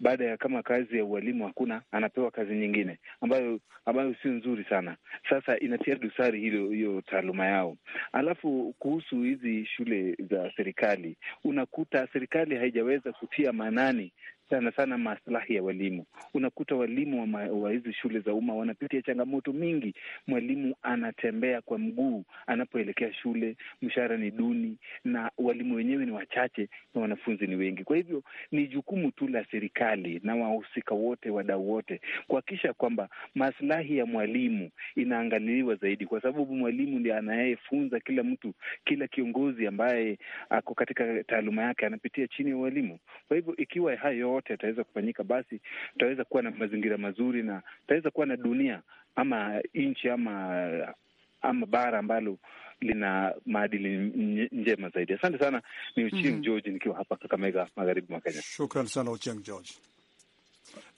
baada ya kama kazi ya ualimu hakuna, anapewa kazi nyingine ambayo ambayo sio nzuri sana. Sasa inatia dosari hilo hiyo taaluma yao. Alafu kuhusu hizi shule za serikali, unakuta serikali haijaweza kutia maanani sana sana maslahi ya walimu. Unakuta walimu wa hizi shule za umma wanapitia changamoto mingi. Mwalimu anatembea kwa mguu anapoelekea shule, mshahara ni duni, na walimu wenyewe ni wachache na wanafunzi ni wengi. Kwa hivyo ni jukumu tu la serikali na wahusika wote, wadau wote, kuhakikisha kwamba maslahi ya mwalimu inaangaliliwa zaidi, kwa sababu mwalimu ndiye anayefunza kila mtu. Kila kiongozi ambaye ako katika taaluma yake anapitia chini ya walimu. Kwa hivyo ikiwa hayo yote yataweza kufanyika, basi tutaweza kuwa na mazingira mazuri na tutaweza kuwa na dunia ama nchi ama ama bara ambalo lina maadili njema zaidi. Asante sana, ni Uchim mm -hmm. George nikiwa hapa Kakamega, magharibi mwa Kenya. Shukran sana Uchim George.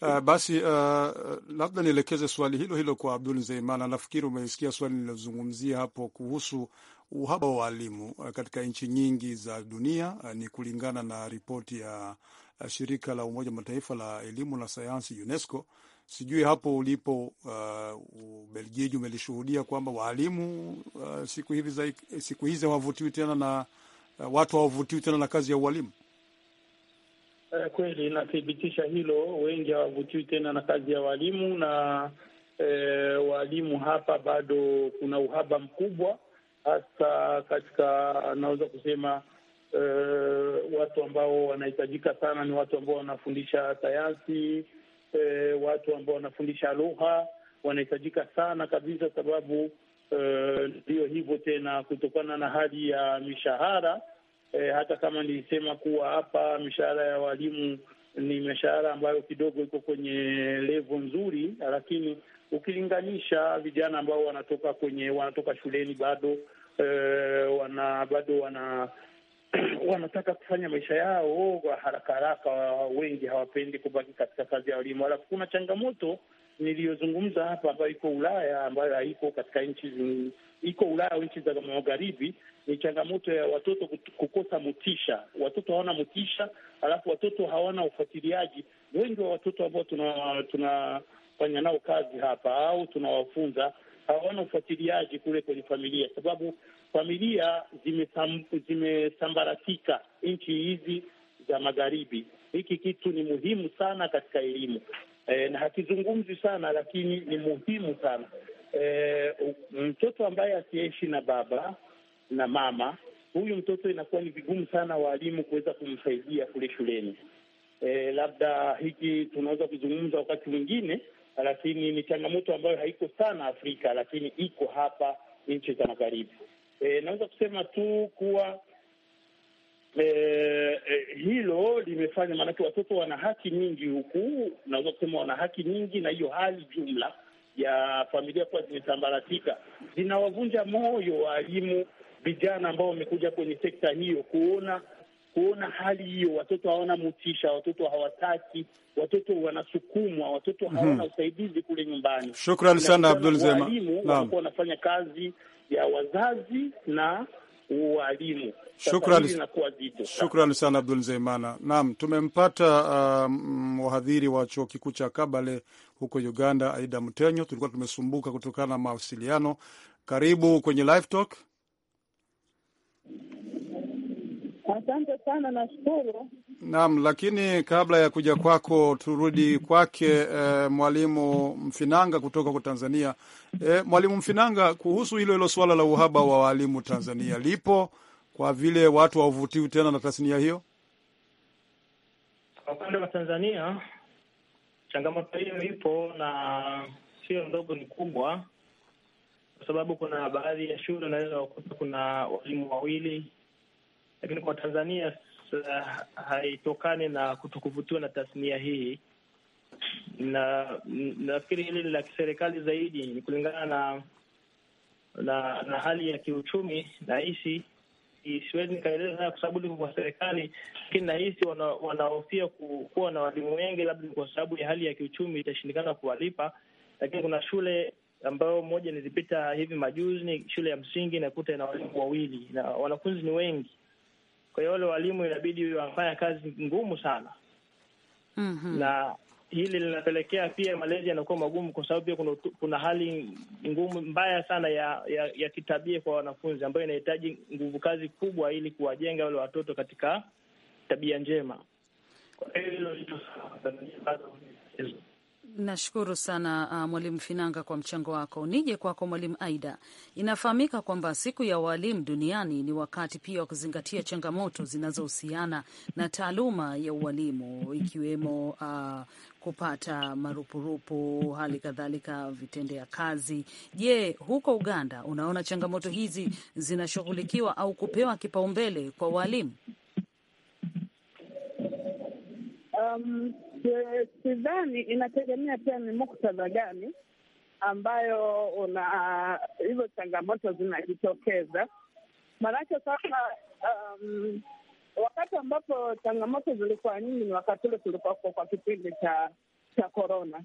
Uh, basi uh, uh labda nielekeze swali hilo hilo kwa Abdul Zeimana. Nafikiri umeisikia swali lilozungumzia hapo kuhusu uhaba wa walimu uh, katika nchi nyingi za dunia. Uh, ni kulingana na ripoti ya Eh, shirika la Umoja Mataifa la elimu na sayansi UNESCO. Sijui hapo ulipo eh, Ubelgiji, uh, umelishuhudia kwamba waalimu uh, eh, siku hivi za, siku hizi hawavutiwi tena na uh, watu hawavutiwi tena na kazi ya ualimu. Kweli inathibitisha hilo, wengi hawavutiwi tena na kazi ya walimu na uh, waalimu hapa bado kuna uhaba mkubwa, hasa katika naweza kusema uh, watu ambao wanahitajika sana ni watu ambao wanafundisha sayansi uh, watu ambao wanafundisha lugha wanahitajika sana kabisa, sababu eh, ndiyo uh, hivyo tena, kutokana na hali ya mishahara uh, hata kama nilisema kuwa hapa mishahara ya walimu ni mishahara ambayo kidogo iko kwenye levo nzuri, lakini ukilinganisha vijana ambao wanatoka kwenye wanatoka shuleni bado uh, wana bado wana [clears throat] wanataka kufanya maisha yao kwa haraka haraka, wengi hawapendi kubaki katika kazi ya walimu. alafu kuna changamoto niliyozungumza hapa ambayo iko Ulaya, ambayo haiko katika nchi, iko Ulaya nchi za magharibi, ni changamoto ya watoto kukosa mutisha Watoto hawana mutisha alafu watoto hawana ufuatiliaji. Wengi wa watoto ambao tunafanya tuna nao kazi hapa au tunawafunza hawana ufuatiliaji kule kwenye familia, sababu familia zimesambaratika zime nchi hizi za magharibi. Hiki kitu ni muhimu sana katika elimu e, na hakizungumzi sana lakini ni muhimu sana e, mtoto ambaye asiishi na baba na mama, huyu mtoto inakuwa ni vigumu sana waalimu kuweza kumsaidia kule shuleni. E, labda hiki tunaweza kuzungumza wakati mwingine, lakini ni changamoto ambayo haiko sana Afrika, lakini iko hapa nchi za magharibi. E, naweza kusema tu kuwa e, e, hilo limefanya, maanake watoto wana haki nyingi huku, naweza kusema wana haki nyingi, na hiyo hali jumla ya familia kuwa zimesambaratika zinawavunja moyo waalimu vijana ambao wamekuja kwenye sekta hiyo, kuona kuona hali hiyo, watoto hawana mutisha, watoto hawataki, watoto wanasukumwa, watoto hawana mhm. usaidizi kule nyumbani. Shukrani sana Abdul Zema, walimu wanafanya kazi ya wazazi na walimu. Shukrani sana Abdul Zeimana. Naam, tumempata um, wahadhiri wa chuo kikuu cha Kabale huko Uganda, Aida Mtenyo. Tulikuwa tumesumbuka kutokana na mawasiliano. Karibu kwenye Live Talk. Asante sana, nashukuru. Naam, lakini kabla ya kuja kwako turudi kwake eh, Mwalimu Mfinanga kutoka kwa Tanzania. Eh, Mwalimu Mfinanga, kuhusu hilo hilo suala la uhaba wa waalimu Tanzania lipo kwa vile watu hawavutiwi tena na tasnia hiyo? Kwa upande wa Tanzania changamoto hiyo ipo na sio ndogo, ni kubwa, kwa sababu kuna baadhi ya shule unaweza wakuta kuna walimu wawili lakini kwa Tanzania haitokani na kutokuvutiwa na tasnia hii, na nafikiri hili ni la kiserikali zaidi, ni kulingana na na na hali ya kiuchumi nahisi, siwezi nikaeleza kwa sababu liko kwa serikali, lakini nahisi wanahofia wana kuwa na walimu wengi, labda kwa sababu ya hali ya kiuchumi itashindikana kuwalipa. Lakini kuna shule ambayo moja nilipita hivi majuzi, ni shule ya msingi, nakuta ina walimu wawili na wanafunzi ni wengi. Kwa hiyo wale walimu inabidi wanafanya kazi ngumu sana mm -hmm. na hili linapelekea pia malezi yanakuwa magumu, kwa sababu pia kuna, kuna hali ngumu mbaya sana ya ya, ya kitabia kwa wanafunzi ambayo inahitaji nguvu kazi kubwa ili kuwajenga wale watoto katika tabia njema. Kwa hiyo hilo Nashukuru sana uh, Mwalimu Finanga kwa mchango wako. Nije kwako Mwalimu Aida. Inafahamika kwamba siku ya waalimu duniani ni wakati pia wa kuzingatia changamoto zinazohusiana na taaluma ya ualimu ikiwemo uh, kupata marupurupu, hali kadhalika vitendea kazi. Je, huko Uganda unaona changamoto hizi zinashughulikiwa au kupewa kipaumbele kwa waalimu? Um, Sidhani, inategemea pia ni muktadha gani ambayo una uh, hizo changamoto zinajitokeza. Maanake sasa, um, wakati ambapo changamoto zilikuwa nyingi ni wakati ule tulikuwako kwa kipindi cha cha korona.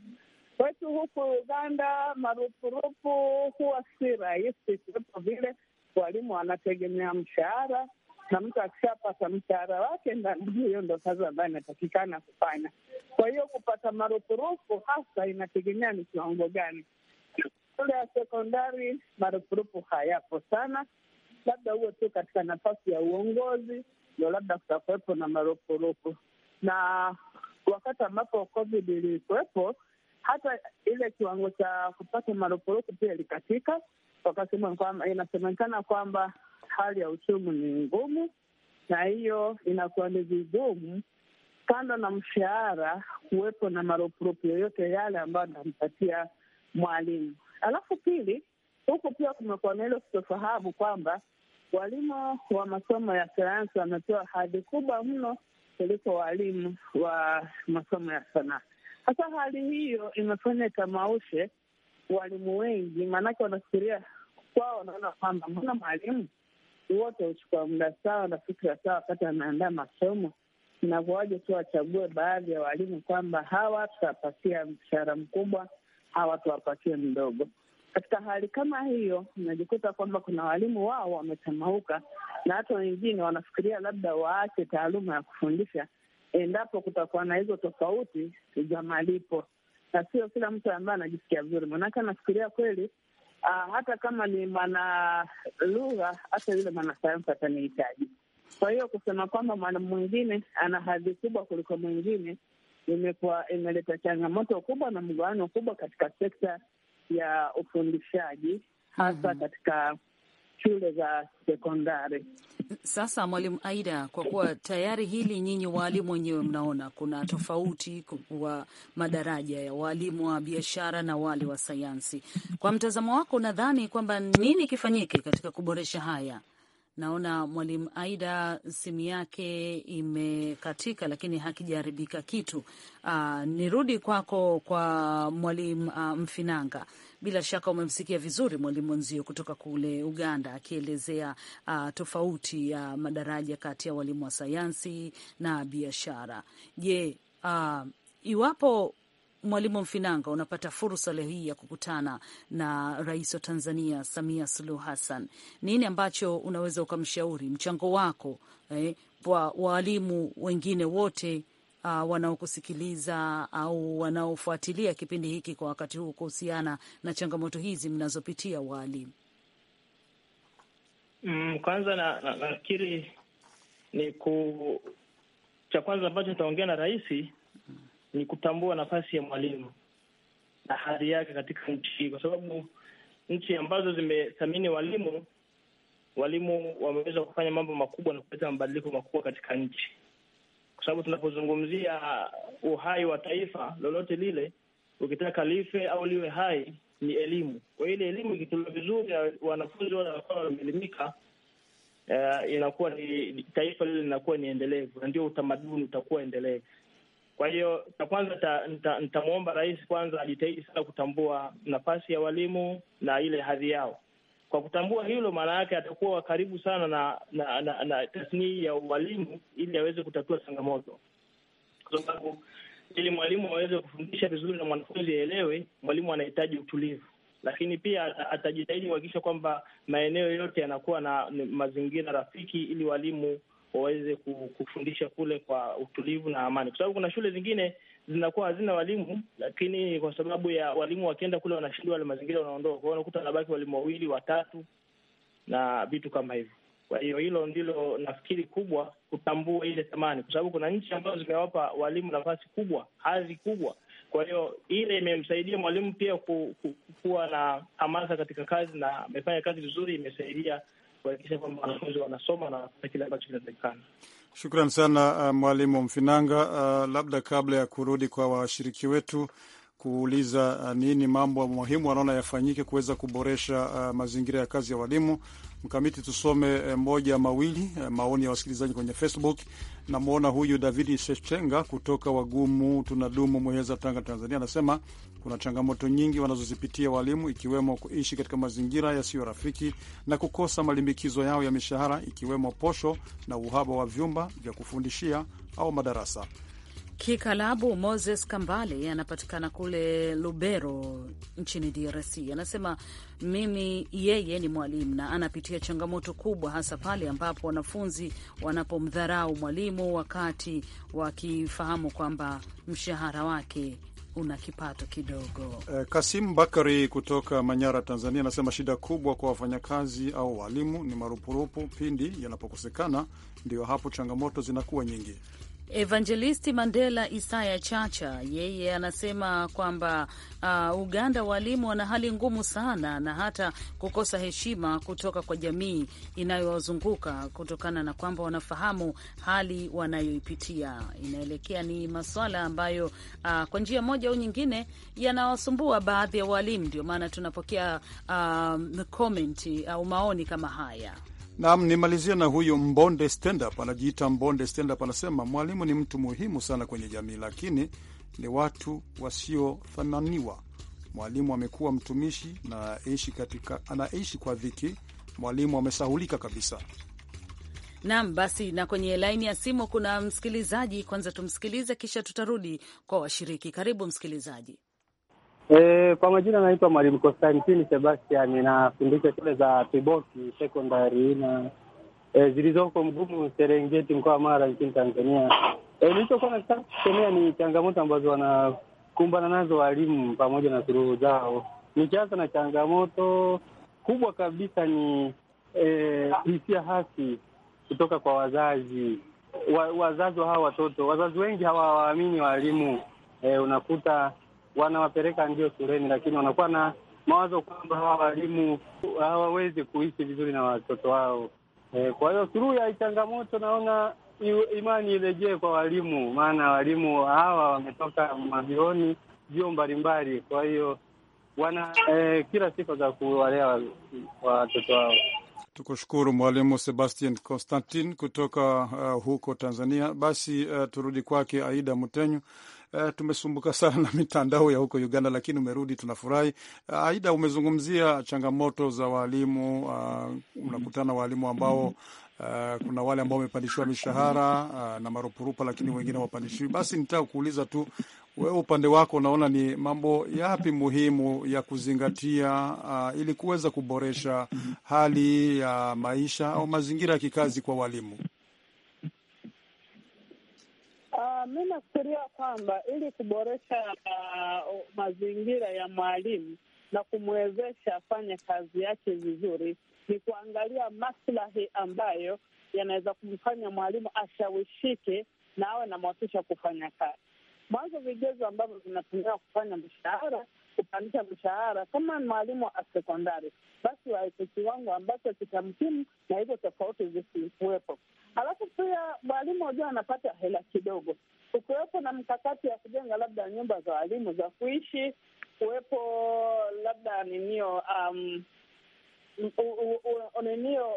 Kwetu huku Uganda, marupurupu huwa si rahisi, kiwepo vile walimu wanategemea mshahara na mtu akishapata mshahara wake ndanajua hiyo ndo kazi ambayo inatakikana kufanya. Kwa hiyo kupata marupurupu hasa inategemea ni kiwango gani. Shule ya sekondari marupurupu hayapo sana, labda huo tu katika nafasi ya uongozi ndo labda kutakuwepo na marupurupu. Na wakati ambapo COVID ilikuwepo, hata ile kiwango cha kupata marupurupu pia ilikatika, wakasema kwamba inasemekana kwamba hali ya uchumi ni ngumu, na hiyo inakuwa ni vigumu, kando na mshahara, kuwepo na marupurupu yoyote yale ambayo anampatia mwalimu. Alafu pili, huku pia kumekuwa na hilo kutofahamu kwamba walimu wa masomo ya sayansi wamepewa hadhi kubwa mno kuliko walimu wa masomo ya sanaa. Hasa hali hiyo imefanya itamaushe walimu wengi, maanake wanafikiria kwao, wanaona kwamba mbona mwalimu wote huchukua muda sawa na fikra sawa wakati anaandaa masomo, inavyowaje tu wachague baadhi ya walimu kwamba hawa tutawapatia mshahara mkubwa, hawa tuwapatie mdogo. Katika hali kama hiyo, unajikuta kwamba kuna walimu wao wametamauka, na hata wengine wanafikiria labda waache taaluma ya kufundisha endapo kutakuwa na hizo tofauti za malipo, na sio kila mtu ambaye anajisikia vizuri, manake anafikiria kweli uh, hata kama ni mwana lugha, hata yule mwanasayansi atanihitaji. Kwa hiyo kusema kwamba mwana mwingine ana hadhi kubwa kuliko mwingine imekuwa imeleta changamoto kubwa na mgawano kubwa katika sekta ya ufundishaji hasa mm -hmm. katika shule za sekondari. Sasa Mwalimu Aida, kwa kuwa tayari hili nyinyi waalimu wenyewe mnaona kuna tofauti wa madaraja ya waalimu wa biashara na wale wa sayansi, kwa mtazamo wako unadhani kwamba nini kifanyike katika kuboresha haya? Naona Mwalimu Aida simu yake imekatika, lakini hakijaharibika kitu. Aa, ah, nirudi kwako kwa Mwalimu ah, Mfinanga. Bila shaka umemsikia vizuri mwalimu wenzio kutoka kule Uganda akielezea uh, tofauti ya uh, madaraja kati ya walimu wa sayansi na biashara. Je, uh, iwapo Mwalimu Mfinanga, unapata fursa leo hii ya kukutana na rais wa Tanzania Samia Suluhu Hassan, nini ambacho unaweza ukamshauri, mchango wako eh, kwa waalimu wengine wote uh, wanaokusikiliza au wanaofuatilia kipindi hiki kwa wakati huu kuhusiana na changamoto hizi mnazopitia waalimu? Mm, kwanza nafikiri na, na ni ku cha kwanza ambacho nitaongea na rais ni kutambua nafasi ya mwalimu na hadhi yake katika nchi hii, kwa sababu nchi ambazo zimethamini walimu, walimu wameweza kufanya mambo makubwa na kuleta mabadiliko makubwa katika nchi sababu tunapozungumzia uhai wa taifa lolote lile, ukitaka life au liwe hai, ni elimu. Kwa hiyo ile elimu ikitumia vizuri, wanafunzi wale wakawa wameelimika, uh, inakuwa ni taifa lile linakuwa ni endelevu, na ndio utamaduni utakuwa endelevu. Kwa hiyo cha kwanza nitamwomba rais kwanza ajitahidi sana kutambua nafasi ya walimu na ile hadhi yao kwa kutambua hilo, maana yake atakuwa karibu sana na na, na, na tasnia ya ualimu ili aweze kutatua changamoto, kwa sababu ili mwalimu aweze kufundisha vizuri na mwanafunzi aelewe, mwalimu anahitaji utulivu, lakini pia atajitahidi kuhakikisha kwamba maeneo yote yanakuwa na mazingira rafiki ili walimu waweze kufundisha kule kwa utulivu na amani, kwa sababu kuna shule zingine zinakuwa hazina walimu, lakini kwa sababu ya walimu wakienda kule wanashindwa, wale mazingira wanaondoka kwao, unakuta wanabaki walimu wawili watatu na vitu kama hivyo. Kwa hiyo hilo ndilo nafikiri kubwa, kutambua ile thamani, kwa sababu kuna nchi ambazo zimewapa walimu nafasi kubwa, hadhi kubwa. Kwa hiyo ile imemsaidia mwalimu pia ku, ku, kuwa na hamasa katika kazi na amefanya kazi vizuri, imesaidia kuhakikisha kwamba wanafunzi wanasoma na kila ambacho kinatakikana. Shukran sana uh, Mwalimu Mfinanga. Uh, labda kabla ya kurudi kwa washiriki wetu kuuliza uh, nini mambo muhimu wanaona yafanyike kuweza kuboresha uh, mazingira ya kazi ya walimu, Mkamiti, tusome uh, moja mawili uh, maoni ya wasikilizaji kwenye Facebook. Namwona huyu Davidi Sechenga kutoka Wagumu Tunadumu, Muheza, Tanga, Tanzania, anasema kuna changamoto nyingi wanazozipitia walimu, ikiwemo kuishi katika mazingira yasiyo rafiki na kukosa malimbikizo yao ya mishahara, ikiwemo posho na uhaba wa vyumba vya kufundishia au madarasa. Kikalabu Moses Kambale anapatikana kule Lubero nchini DRC. Anasema mimi yeye ni mwalimu na anapitia changamoto kubwa, hasa pale ambapo wanafunzi wanapomdharau mwalimu wakati wakifahamu kwamba mshahara wake una kipato kidogo. Eh, Kasim Bakari kutoka Manyara, Tanzania, anasema shida kubwa kwa wafanyakazi au walimu ni marupurupu. Pindi yanapokosekana, ndiyo hapo changamoto zinakuwa nyingi. Evangelisti Mandela Isaya Chacha yeye anasema kwamba uh, Uganda waalimu wana hali ngumu sana na hata kukosa heshima kutoka kwa jamii inayowazunguka kutokana na kwamba wanafahamu hali wanayoipitia. Inaelekea ni maswala ambayo uh, kwa njia moja au nyingine yanawasumbua baadhi ya waalimu, ndio maana tunapokea uh, comment au uh, maoni kama haya. Naam, nimalizia na huyu Mbonde Standup, anajiita Mbonde Standup, anasema mwalimu ni mtu muhimu sana kwenye jamii, lakini ni watu wasiothamaniwa. Mwalimu amekuwa mtumishi na anaishi katika, anaishi kwa dhiki. Mwalimu amesahulika kabisa. Naam, basi na kwenye laini ya simu kuna msikilizaji, kwanza tumsikilize, kisha tutarudi kwa washiriki. Karibu msikilizaji. E, kwa majina naitwa Mwalimu Konstantini Sebastian, nafundisha shule za Piboki sekondari na e, zilizoko Mgumu, Serengeti, mkoa wa Mara nchini Tanzania. E, nilichokuwa nataka kusemea ni changamoto ambazo wanakumbana nazo walimu pamoja na suluhu zao. Nikianza na changamoto kubwa kabisa ni e, hisia hasi kutoka kwa wazazi wa, wazazi wa hawa watoto. Wazazi wengi hawawaamini walimu e, unakuta wanawapeleka ndio shuleni, lakini wanakuwa na mawazo kwamba hawa walimu hawawezi kuishi vizuri na watoto wao. E, kwa hiyo suluhu ya changamoto naona imani irejee kwa walimu, maana walimu hawa wametoka mavioni vio mbalimbali, kwa hiyo wana e, kila sifa za kuwalea watoto wao. Tukushukuru Mwalimu Sebastian Constantin kutoka uh, huko Tanzania. Basi uh, turudi kwake Aida Mutenyu. Uh, tumesumbuka sana [laughs] na mitandao ya huko Uganda, lakini umerudi, tunafurahi. Uh, Aida, umezungumzia changamoto za waalimu uh, unakutana waalimu ambao Uh, kuna wale ambao wamepandishiwa mishahara uh, na marupurupa, lakini wengine wapandishiwi. Basi nitaka kuuliza tu wewe upande wako unaona ni mambo yapi muhimu ya kuzingatia uh, ili kuweza kuboresha hali ya uh, maisha au mazingira ya kikazi kwa walimu? Uh, mi nafikiria kwamba ili kuboresha uh, mazingira ya mwalimu na kumwezesha afanye kazi yake vizuri ni kuangalia maslahi ambayo yanaweza kumfanya mwalimu ashawishike na awe na motisha kufanya kazi mwanzo vigezo ambavyo vinatumiwa kufanya mshahara kupandisha mshahara kama mwalimu wa sekondari, basi waeke kiwango ambacho kitamkimu na hizo tofauti zisikuwepo. Alafu pia mwalimu wajua anapata hela kidogo, ukiwepo na mkakati ya kujenga labda nyumba za walimu za kuishi, kuwepo labda ninio um, ninio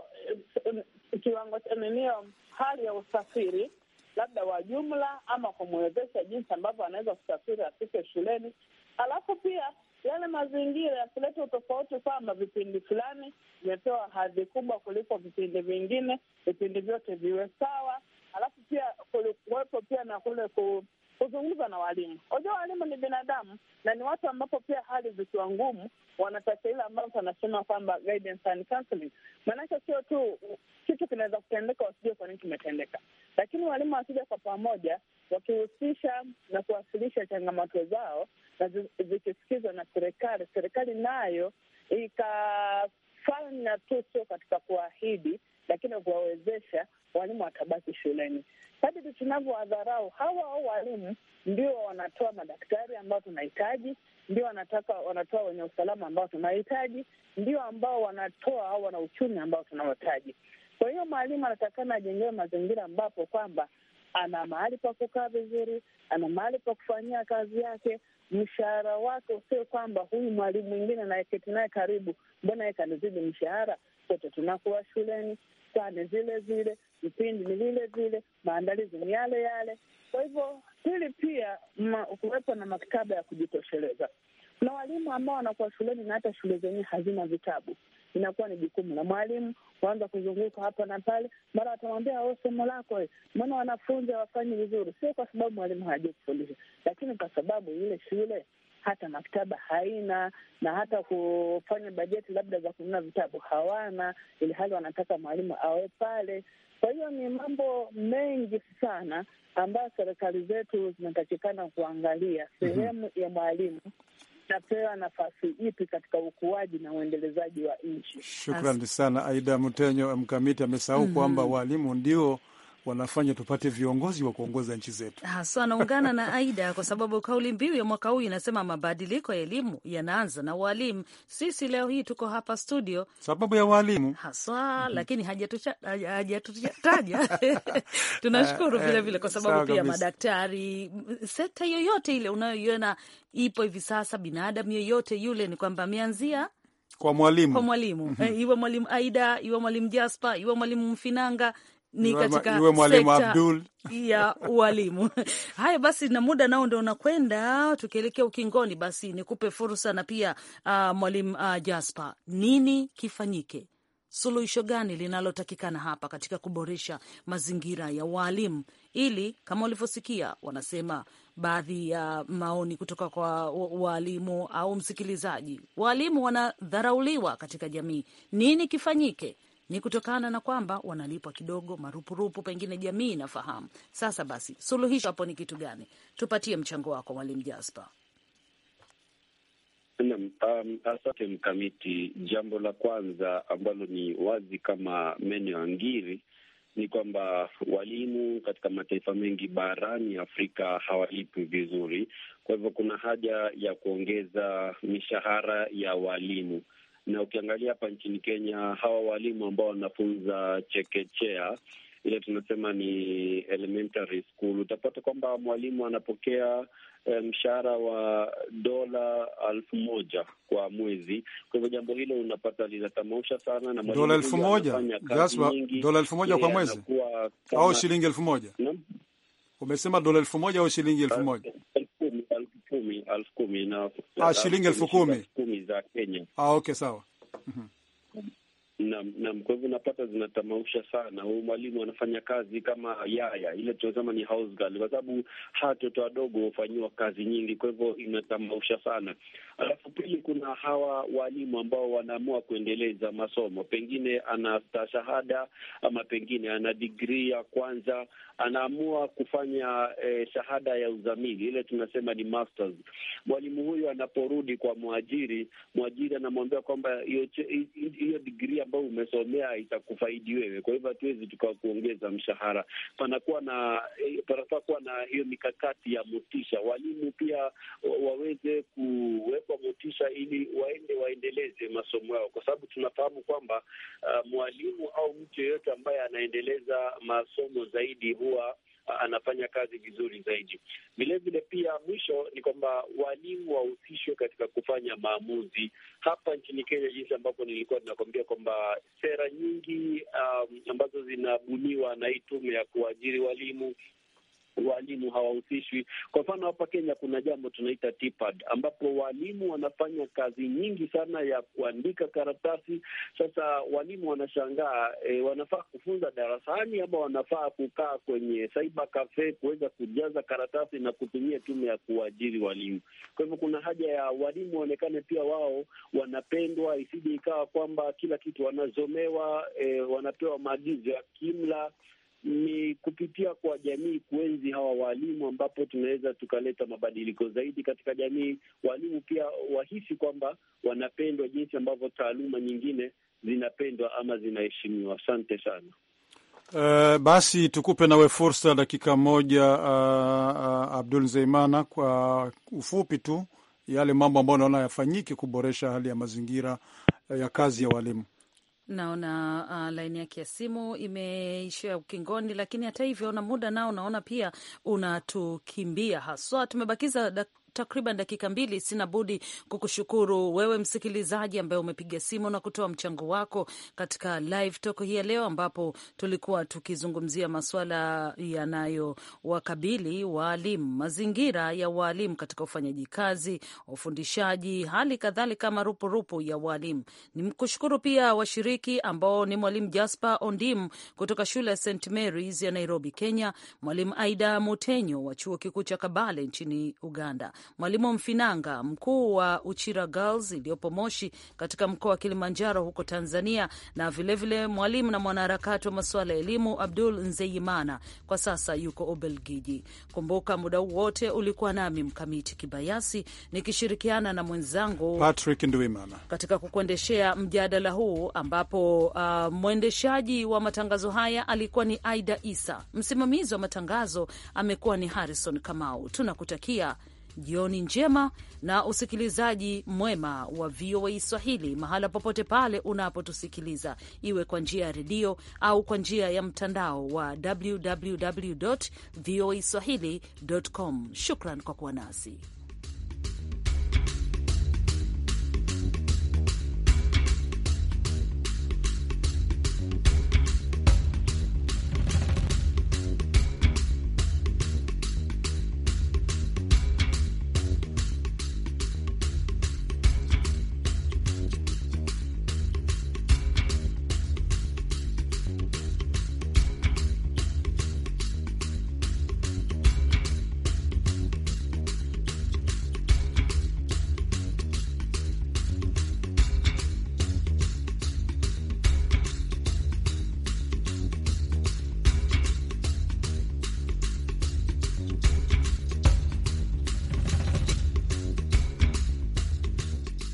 eh, kiwango ninio hali ya usafiri labda wa jumla, ama kumwezesha jinsi ambavyo anaweza kusafiri afike shuleni. Alafu pia yale mazingira yasilete utofauti kwamba vipindi fulani vimepewa hadhi kubwa kuliko vipindi vingine, vipindi vyote viwe sawa. Alafu pia kulikuwepo pia na kule ku kuzungumza na walimu. Wajua, walimu ni binadamu na ni watu ambapo pia hali zikiwa ngumu wanatafuta ile ambayo wanasema kwamba guidance and counseling, maanake sio tu kitu kinaweza kutendeka, wasijue kwa nini kimetendeka, lakini walimu wakija kwa pamoja wakihusisha na kuwasilisha changamoto zao na zikisikizwa na serikali, serikali nayo ikafanya tu, sio katika kuahidi lakini kuwawezesha walimu watabaki shuleni. Kadiri tunavyowadharau hawa au walimu, ndio wanatoa madaktari ambao tunahitaji, ndio wanataka wanatoa wenye usalama ambao tunahitaji, ndio ambao wanatoa au wana uchumi ambao tunahitaji. Kwa hiyo mwalimu anatakana ajengewe mazingira ambapo kwamba ana mahali pa kukaa vizuri, ana mahali pa kufanyia kazi yake. Mshahara wake usio kwamba huyu mwalimu mwingine anayeketi naye karibu, mbona yeye kanizidi mshahara? sote tunakuwa shuleni, taa ni zile zile, vipindi ni vile vile, maandalizi ni yale yale. Kwa hivyo, pili pia kuwepo na maktaba ya kujitosheleza. Kuna walimu ambao wanakuwa shuleni na hata shule zenyewe hazina vitabu. Inakuwa ni jukumu la mwalimu kuanza kuzunguka hapa na pale, mara watamwambia o, oh, somo lako mbona wanafunzi hawafanyi vizuri? Sio kwa sababu mwalimu hajakufundisha, lakini kwa sababu ile shule hata maktaba haina, na hata kufanya bajeti labda za kununua vitabu hawana, ili hali wanataka mwalimu awe pale. Kwa hiyo ni mambo mengi sana ambayo serikali zetu zinatakikana kuangalia mhm. sehemu mm -hmm. ya mwalimu napewa nafasi ipi katika ukuaji na uendelezaji wa nchi. Shukrani sana Aida Mtenyo. Mkamiti amesahau mm -hmm. kwamba walimu ndio wanafanya tupate viongozi wa kuongoza nchi zetu haswa. So, naungana na Aida kwa sababu kauli mbiu ya mwaka huu inasema mabadiliko ya elimu yanaanza na walimu. Sisi leo hii tuko hapa studio sababu ya walimu haswa. mm -hmm. Lakini hajatutaja [laughs] [laughs] tunashukuru vilevile eh, kwa sababu pia madaktari, sekta yoyote ile unayoiona ipo hivi sasa, binadamu yoyote yule, ni kwamba ameanzia kwa mwalimu, kwa mwalimu. Mm -hmm. Iwe mwalimu Aida, iwe mwalimu Jaspa, iwe mwalimu Mfinanga, ni katika iwe mwalimu Abdul ya ualimu. [laughs] Haya basi, na muda nao ndio unakwenda, tukielekea ukingoni, basi nikupe fursa na pia uh, mwalimu uh, Jasper, nini kifanyike? Suluhisho gani linalotakikana hapa katika kuboresha mazingira ya waalimu, ili kama ulivyosikia wanasema baadhi ya maoni kutoka kwa waalimu au msikilizaji, waalimu wanadharauliwa katika jamii. Nini kifanyike ni kutokana na kwamba wanalipwa kidogo, marupurupu, pengine jamii inafahamu. Sasa basi, suluhisho hapo ni kitu gani? Tupatie mchango wako, Mwalimu Jasper. Naam, um, asante Mkamiti. Jambo la kwanza ambalo ni wazi kama meno ya ngiri ni kwamba walimu katika mataifa mengi barani Afrika hawalipwi vizuri. Kwa hivyo kuna haja ya kuongeza mishahara ya walimu na ukiangalia hapa nchini Kenya, hawa walimu ambao wanafunza chekechea ile tunasema ni elementary school, utapata kwamba mwalimu anapokea eh, mshahara wa dola elfu moja kwa mwezi. Kwa hivyo jambo hilo unapata linatamausha sana, na dola elfu moja dola elfu moja kwa mwezi au shilingi elfu moja Umesema dola elfu moja au shilingi elfu moja eh, kumi elfu kumi na ah, shilingi elfu kumi za Kenya. Ah, okay sawa. mm -hmm. Naam, naam. Kwa hivyo napata zinatamausha sana. Huyu mwalimu anafanya kazi kama yaya ile tunasema ni house girl, kwa sababu haa watoto wadogo hufanyiwa kazi nyingi, kwa hivyo inatamausha sana. Alafu pili, kuna hawa walimu ambao wanaamua kuendeleza masomo, pengine ana stashahada ama pengine ana digrii ya kwanza, anaamua kufanya eh, shahada ya uzamili ile tunasema ni masters. Mwalimu huyu anaporudi kwa mwajiri, mwajiri anamwambia kwamba hiyo digrii ambao umesomea itakufaidi wewe. Kwa hivyo hatuwezi tukakuongeza mshahara, panakuwa na eh, panafaa kuwa na hiyo mikakati ya motisha. Walimu pia waweze kuwekwa motisha ili waende waendeleze masomo yao, kwa sababu tunafahamu kwamba uh, mwalimu au mtu yeyote ambaye anaendeleza masomo zaidi huwa anafanya kazi vizuri zaidi. Vilevile pia mwisho ni kwamba walimu wahusishwe katika kufanya maamuzi hapa nchini Kenya, jinsi ambapo nilikuwa ninakwambia kwamba sera nyingi um, ambazo zinabuniwa na hii tume ya kuajiri walimu walimu hawahusishwi. Kwa mfano, hapa Kenya kuna jambo tunaita TPAD, ambapo walimu wanafanya kazi nyingi sana ya kuandika karatasi. Sasa walimu wanashangaa e, wanafaa kufunza darasani ama wanafaa kukaa kwenye cyber cafe kuweza kujaza karatasi na kutumia tume ya kuajiri walimu. Kwa hivyo kuna haja ya walimu waonekane pia wao wanapendwa, isije ikawa kwamba kila kitu wanazomewa, e, wanapewa maagizo ya kimla ni kupitia kwa jamii kuenzi hawa waalimu, ambapo tunaweza tukaleta mabadiliko zaidi katika jamii. Waalimu pia wahisi kwamba wanapendwa, jinsi ambavyo taaluma nyingine zinapendwa ama zinaheshimiwa. Asante sana. Uh, basi tukupe nawe fursa dakika moja uh, uh, Abdul Zeimana, kwa ufupi tu yale mambo ambayo naona yafanyike kuboresha hali ya mazingira ya kazi ya walimu. Naona uh, laini yake ya simu imeishia ukingoni, lakini hata hivyo na muda nao naona pia unatukimbia haswa. Tumebakiza dak takriban dakika mbili, sina budi kukushukuru wewe msikilizaji ambaye umepiga simu na kutoa mchango wako katika live talk hii ya leo, ambapo tulikuwa tukizungumzia masuala yanayowakabili waalimu, mazingira ya waalimu katika ufanyaji kazi, ufundishaji, hali kadhalika marupurupu ya waalimu. Nimkushukuru pia washiriki ambao ni mwalimu Jasper Ondim kutoka shule ya St Mary's ya Nairobi, Kenya, mwalimu Aida Mutenyo wa chuo kikuu cha Kabale nchini Uganda, Mwalimu Mfinanga, mkuu wa Uchira Girls iliyopo Moshi katika mkoa wa Kilimanjaro huko Tanzania, na vilevile mwalimu na mwanaharakati wa masuala ya elimu Abdul Nzeyimana, kwa sasa yuko Ubelgiji. Kumbuka muda huu wote ulikuwa nami Mkamiti Kibayasi nikishirikiana na mwenzangu Patrick Ndwimana katika kukuendeshea mjadala huu ambapo uh, mwendeshaji wa matangazo haya alikuwa ni Aida Isa, msimamizi wa matangazo amekuwa ni Harrison Kamau. Tunakutakia Jioni njema na usikilizaji mwema wa VOA Swahili mahala popote pale unapotusikiliza, iwe kwa njia ya redio au kwa njia ya mtandao wa www voa swahili.com. Shukran kwa kuwa nasi.